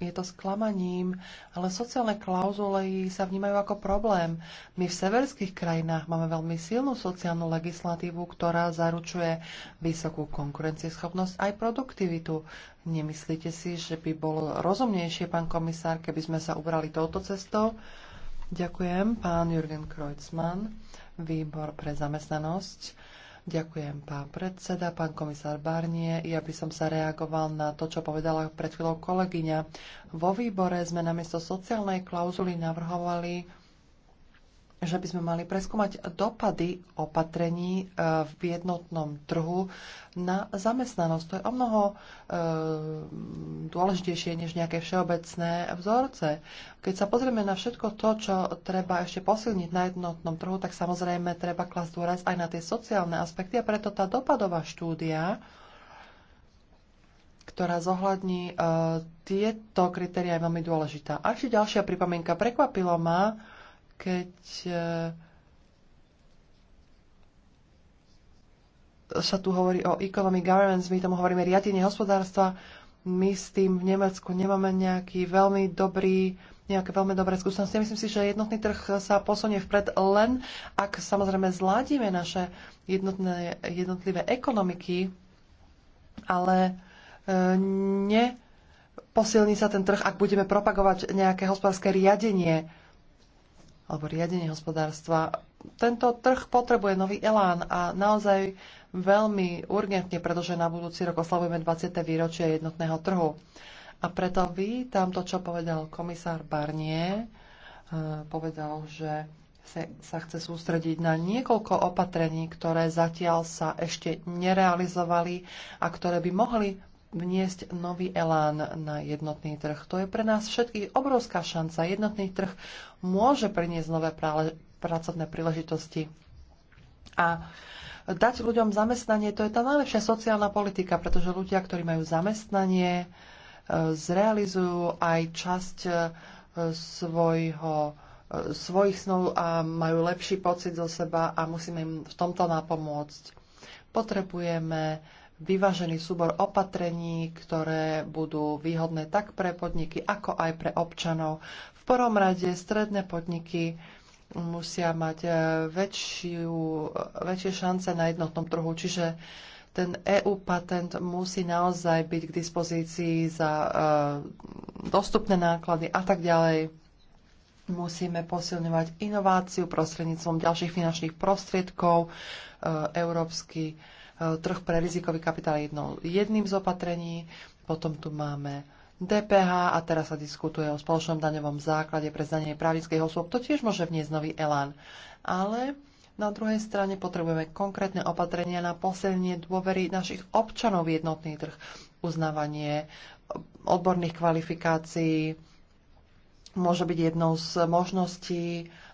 je to sklamaním, ale sociálne klauzule sa vnímajú ako problém. My v severských krajinách máme veľmi silnú sociálnu legislatívu, ktorá zaručuje vysokú konkurencieschopnosť aj produktivitu. Nemyslíte si, že by bolo rozumnejšie, pán komisár, keby sme sa ubrali touto cestou? Ďakujem, pán Jürgen Kreutzmann, výbor pre zamestnanosť. Ďakujem, pán predseda, pán komisár Barnie. Ja by som sa reagoval na to, čo povedala pred chvíľou kolegyňa. Vo výbore sme namiesto sociálnej klauzuly navrhovali že by sme mali preskúmať dopady opatrení e, v jednotnom trhu na zamestnanosť. To je o mnoho e, dôležitejšie než nejaké všeobecné vzorce. Keď sa pozrieme na všetko to, čo treba ešte posilniť na jednotnom trhu, tak samozrejme treba klasť dôraz aj na tie sociálne aspekty a preto tá dopadová štúdia ktorá zohľadní uh, tieto kritéria je veľmi dôležitá. A ešte ďalšia pripomienka. Prekvapilo ma, keď e, sa tu hovorí o economy governance, my tomu hovoríme riadenie hospodárstva, my s tým v Nemecku nemáme nejaký veľmi dobrý, nejaké veľmi dobré skúsenosti. Myslím si, že jednotný trh sa posunie vpred len, ak samozrejme zladíme naše jednotné, jednotlivé ekonomiky, ale e, neposilní sa ten trh, ak budeme propagovať nejaké hospodárske riadenie alebo riadenie hospodárstva. Tento trh potrebuje nový elán a naozaj veľmi urgentne, pretože na budúci rok oslavujeme 20. výročie jednotného trhu. A preto vítam to, čo povedal komisár Barnier. E, povedal, že sa chce sústrediť na niekoľko opatrení, ktoré zatiaľ sa ešte nerealizovali a ktoré by mohli vniesť nový elán na jednotný trh. To je pre nás všetkých obrovská šanca. Jednotný trh môže priniesť nové prále, pracovné príležitosti. A dať ľuďom zamestnanie, to je tá najlepšia sociálna politika, pretože ľudia, ktorí majú zamestnanie, e, zrealizujú aj časť e, svojho, e, svojich snov a majú lepší pocit zo seba a musíme im v tomto napomôcť. Potrebujeme vyvážený súbor opatrení, ktoré budú výhodné tak pre podniky, ako aj pre občanov. V prvom rade stredné podniky musia mať e, väčšiu, väčšie šance na jednotnom trhu, čiže ten EU patent musí naozaj byť k dispozícii za e, dostupné náklady a tak ďalej. Musíme posilňovať inováciu prostredníctvom ďalších finančných prostriedkov. E, Európsky Eh, trh pre rizikový kapitál je jedným z opatrení, potom tu máme DPH a teraz sa diskutuje o spoločnom daňovom základe pre zdanie právnických osôb. To tiež môže vniesť nový elán. Ale na druhej strane potrebujeme konkrétne opatrenia na posilnenie dôvery našich občanov v jednotný trh, uznávanie odborných kvalifikácií, môže byť jednou z možností,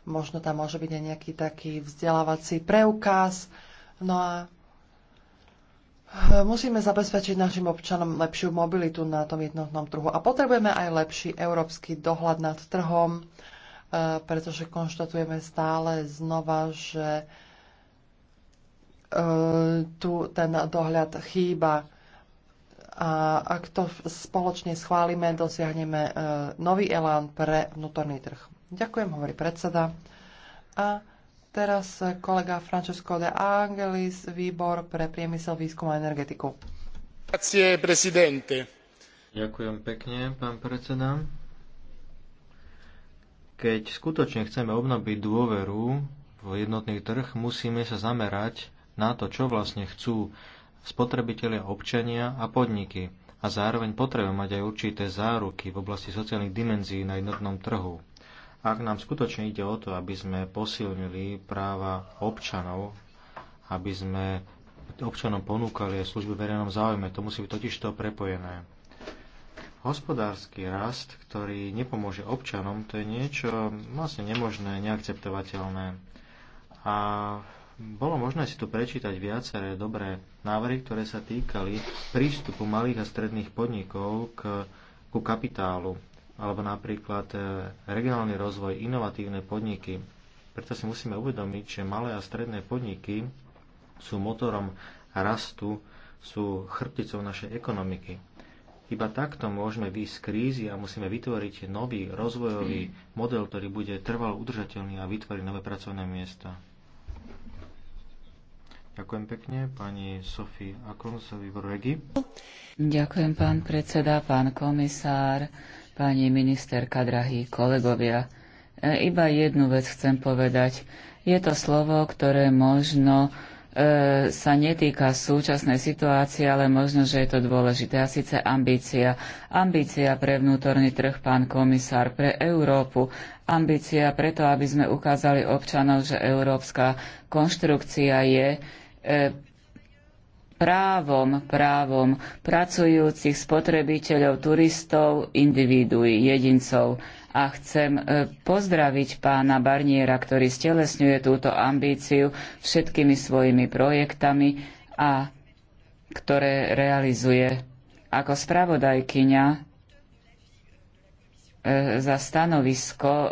možno tam môže byť aj nejaký taký vzdelávací preukaz. No a Musíme zabezpečiť našim občanom lepšiu mobilitu na tom jednotnom trhu a potrebujeme aj lepší európsky dohľad nad trhom, e, pretože konštatujeme stále znova, že e, tu ten dohľad chýba. A ak to spoločne schválime, dosiahneme e, nový elán pre vnútorný trh. Ďakujem, hovorí predseda. A Teraz kolega Francesco de Angelis, výbor pre priemysel, výskum a energetiku. Ďakujem pekne, pán predseda. Keď skutočne chceme obnoviť dôveru v jednotný trh, musíme sa zamerať na to, čo vlastne chcú spotrebitelia, občania a podniky. A zároveň potrebujeme mať aj určité záruky v oblasti sociálnych dimenzií na jednotnom trhu ak nám skutočne ide o to, aby sme posilnili práva občanov, aby sme občanom ponúkali aj služby v verejnom záujme. To musí byť totiž to prepojené. Hospodársky rast, ktorý nepomôže občanom, to je niečo vlastne nemožné, neakceptovateľné. A bolo možné si tu prečítať viaceré dobré návrhy, ktoré sa týkali prístupu malých a stredných podnikov k, ku kapitálu alebo napríklad e, regionálny rozvoj, inovatívne podniky. Preto si musíme uvedomiť, že malé a stredné podniky sú motorom rastu, sú chrbticou našej ekonomiky. Iba takto môžeme výjsť z krízy a musíme vytvoriť nový rozvojový model, ktorý bude trvalo udržateľný a vytvorí nové pracovné miesta. Ďakujem pekne pani Sofii Akonsovi z výboru Regi. Ďakujem pán predseda, pán komisár pani ministerka, drahí kolegovia. E, iba jednu vec chcem povedať. Je to slovo, ktoré možno e, sa netýka súčasnej situácie, ale možno, že je to dôležité. A síce ambícia. Ambícia pre vnútorný trh, pán komisár, pre Európu. Ambícia preto, aby sme ukázali občanov, že európska konštrukcia je e, právom, právom pracujúcich spotrebiteľov, turistov, individuí, jedincov. A chcem e, pozdraviť pána Barniera, ktorý stelesňuje túto ambíciu všetkými svojimi projektami a ktoré realizuje. Ako spravodajkyňa e, za stanovisko e,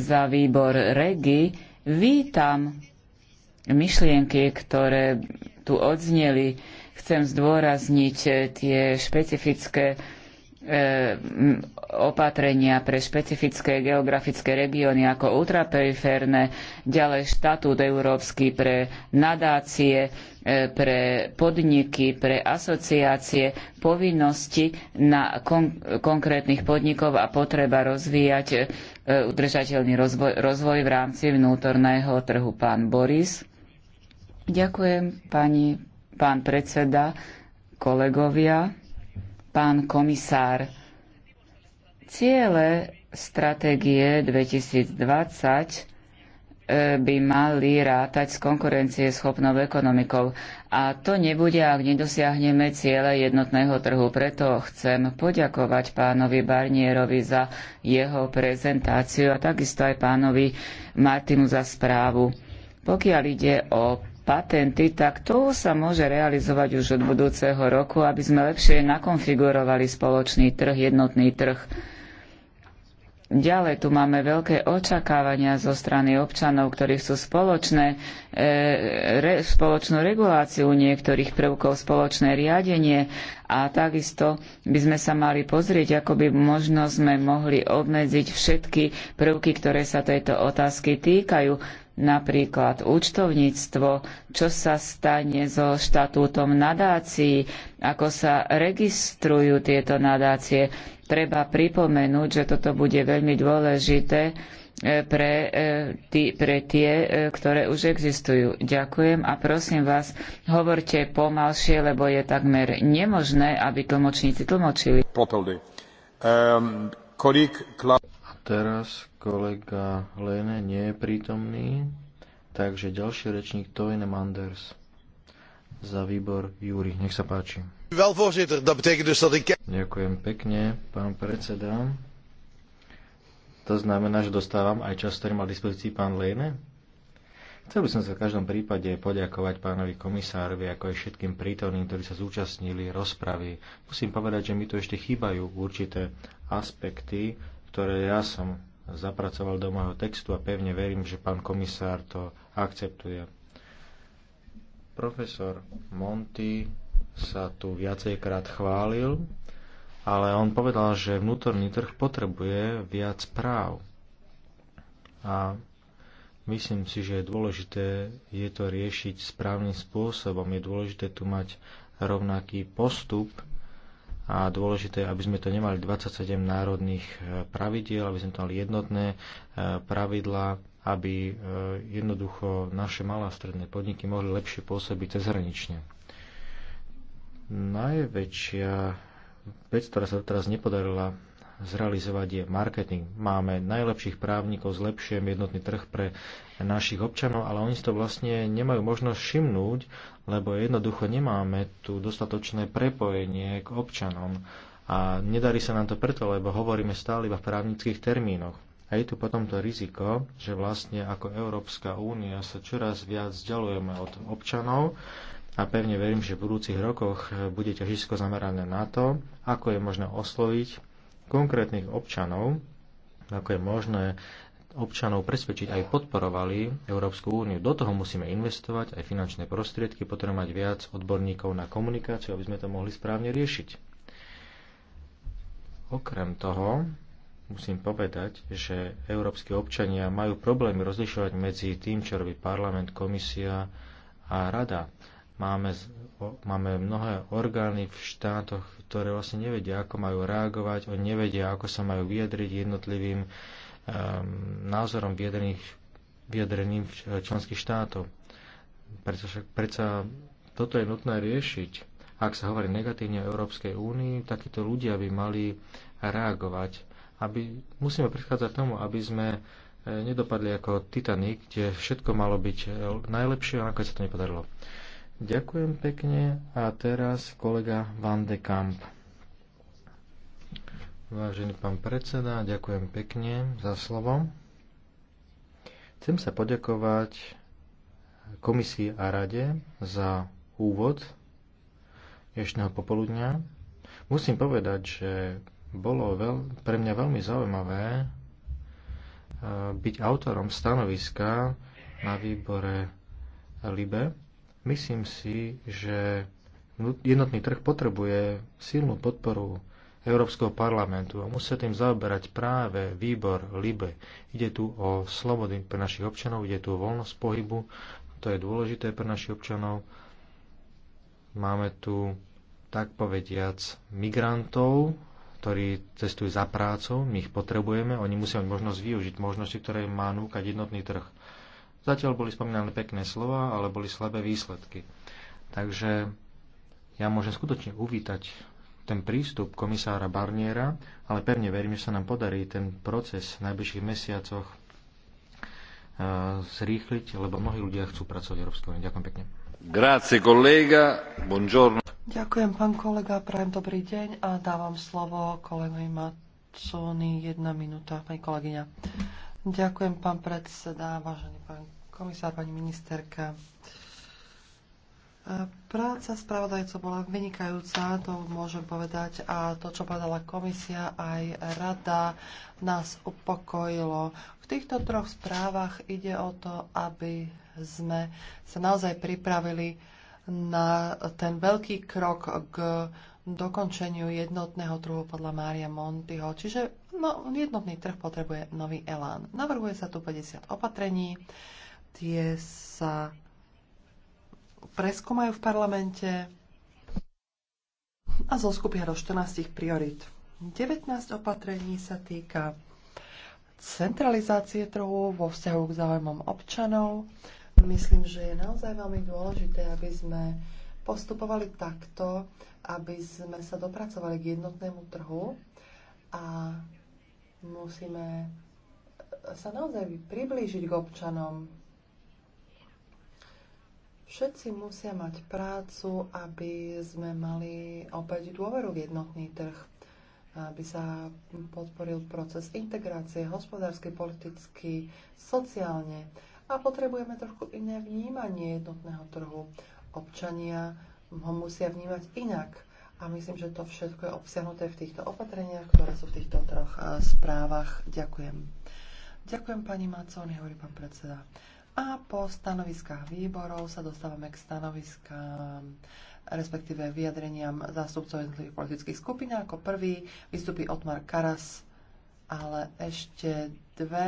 za výbor REGI vítam myšlienky, ktoré tu odzneli. Chcem zdôrazniť eh, tie špecifické eh, opatrenia pre špecifické geografické regióny ako ultraperiférne, ďalej štatút európsky pre nadácie, eh, pre podniky, pre asociácie, povinnosti na kon konkrétnych podnikov a potreba rozvíjať udržateľný rozvoj, rozvoj v rámci vnútorného trhu. Pán Boris. Ďakujem, pani, pán predseda, kolegovia, pán komisár. Ciele stratégie 2020 e, by mali rátať s schopnou ekonomikou. A to nebude, ak nedosiahneme ciele jednotného trhu. Preto chcem poďakovať pánovi Barnierovi za jeho prezentáciu a takisto aj pánovi Martinu za správu. Pokiaľ ide o patenty, tak to sa môže realizovať už od budúceho roku, aby sme lepšie nakonfigurovali spoločný trh, jednotný trh. Ďalej tu máme veľké očakávania zo strany občanov, ktorí chcú spoločné, e, re, spoločnú reguláciu niektorých prvkov, spoločné riadenie a takisto by sme sa mali pozrieť, ako by možno sme mohli obmedziť všetky prvky, ktoré sa tejto otázky týkajú napríklad účtovníctvo, čo sa stane so štatútom nadácií, ako sa registrujú tieto nadácie. Treba pripomenúť, že toto bude veľmi dôležité e, pre, e, tí, pre tie, e, ktoré už existujú. Ďakujem a prosím vás, hovorte pomalšie, lebo je takmer nemožné, aby tlmočníci tlmočili. Um, kolik... Teraz kolega Lene nie je prítomný, takže ďalší rečník Toine Manders za výbor Júri. Nech sa páči. Ďakujem pekne, pán predseda. To znamená, že dostávam aj čas, ktorý mal dispozícii pán Lene? Chcel by som sa v každom prípade poďakovať pánovi komisárovi, ako aj všetkým prítomným, ktorí sa zúčastnili rozpravy. Musím povedať, že mi tu ešte chýbajú určité aspekty, ktoré ja som zapracoval do môjho textu a pevne verím, že pán komisár to akceptuje. Profesor Monty sa tu viacejkrát chválil, ale on povedal, že vnútorný trh potrebuje viac práv. A myslím si, že je dôležité je to riešiť správnym spôsobom. Je dôležité tu mať rovnaký postup a dôležité, aby sme to nemali 27 národných e, pravidiel, aby sme to mali jednotné e, pravidlá, aby e, jednoducho naše malé a stredné podniky mohli lepšie pôsobiť cezhranične. Najväčšia vec, ktorá sa teraz nepodarila zrealizovať je marketing. Máme najlepších právnikov, zlepšujem jednotný trh pre našich občanov, ale oni si to vlastne nemajú možnosť všimnúť, lebo jednoducho nemáme tu dostatočné prepojenie k občanom. A nedarí sa nám to preto, lebo hovoríme stále iba v právnických termínoch. A je tu potom to riziko, že vlastne ako Európska únia sa čoraz viac vzdialujeme od občanov a pevne verím, že v budúcich rokoch bude ťažisko zamerané na to, ako je možné osloviť konkrétnych občanov, ako je možné občanov presvedčiť aj podporovali Európsku úniu. Do toho musíme investovať aj finančné prostriedky, potrebujeme mať viac odborníkov na komunikáciu, aby sme to mohli správne riešiť. Okrem toho musím povedať, že európsky občania majú problémy rozlišovať medzi tým, čo robí parlament, komisia a rada. Máme, máme mnohé orgány v štátoch, ktoré vlastne nevedia, ako majú reagovať, oni nevedia, ako sa majú vyjadriť jednotlivým uh, Ehm, názorom vyjadrených, vyjadreným členských štátov. Preto však, predsa toto je nutné riešiť. Ak sa hovorí negatívne o Európskej únii, takíto ľudia by mali reagovať. Aby, musíme predchádzať tomu, aby sme e, nedopadli ako Titanic, kde všetko malo byť e, najlepšie a nakoniec sa to nepodarilo. Ďakujem pekne a teraz kolega Van de Kamp. Vážený pán predseda, ďakujem pekne za slovo. Chcem sa poďakovať komisii a rade za úvod dnešného popoludňa. Musím povedať, že bolo veľ, pre mňa veľmi zaujímavé e, byť autorom stanoviska na výbore LIBE. Myslím si, že jednotný trh potrebuje silnú podporu Európskeho parlamentu a musia tým zaoberať práve výbor LIBE. Ide tu o slobody pre našich občanov, ide tu o voľnosť pohybu, to je dôležité pre našich občanov. Máme tu, tak povediac, migrantov, ktorí cestujú za prácou, my ich potrebujeme, oni musia mať možnosť využiť možnosti, ktoré má núkať jednotný trh. Zatiaľ boli spomínané pekné slova, ale boli slabé výsledky. Takže ja môžem skutočne uvítať ten prístup komisára Barniera, ale pevne verím, že sa nám podarí ten proces v najbližších mesiacoch e, zrýchliť, lebo mnohí ľudia chcú pracovať v Európskej únii. Ďakujem pekne. Grazie, kolega. Buongiorno. Ďakujem, pán kolega. Prajem dobrý deň a dávam slovo kolegovi Maconi. Jedna minúta, pani kolegyňa. Ďakujem, pán predseda, vážený pán komisár, pani ministerka. E, práca spravodajcov bola vynikajúca, to môžem povedať, a to, čo povedala komisia aj rada, nás upokojilo. V týchto troch správach ide o to, aby sme sa naozaj pripravili na ten veľký krok k dokončeniu jednotného trhu podľa Mária Montyho. Čiže no, jednotný trh potrebuje nový elán. Navrhuje sa tu 50 opatrení, tie sa preskúmajú v parlamente a zoskupia do 14 priorit. 19 opatrení sa týka centralizácie trhu vo vzťahu k záujmom občanov. Myslím, že je naozaj veľmi dôležité, aby sme postupovali takto, aby sme sa dopracovali k jednotnému trhu a musíme sa naozaj priblížiť k občanom, Všetci musia mať prácu, aby sme mali opäť dôveru v jednotný trh, aby sa podporil proces integrácie hospodársky, politicky, sociálne. A potrebujeme trošku iné vnímanie jednotného trhu. Občania ho musia vnímať inak. A myslím, že to všetko je obsiahnuté v týchto opatreniach, ktoré sú v týchto troch eh, správach. Ďakujem. Ďakujem pani Maconi, hovorí pán predseda. A po stanoviskách výborov sa dostávame k stanoviskám, respektíve vyjadreniam zástupcov jednotlivých politických skupín. Ako prvý vystupí Otmar Karas, ale ešte dve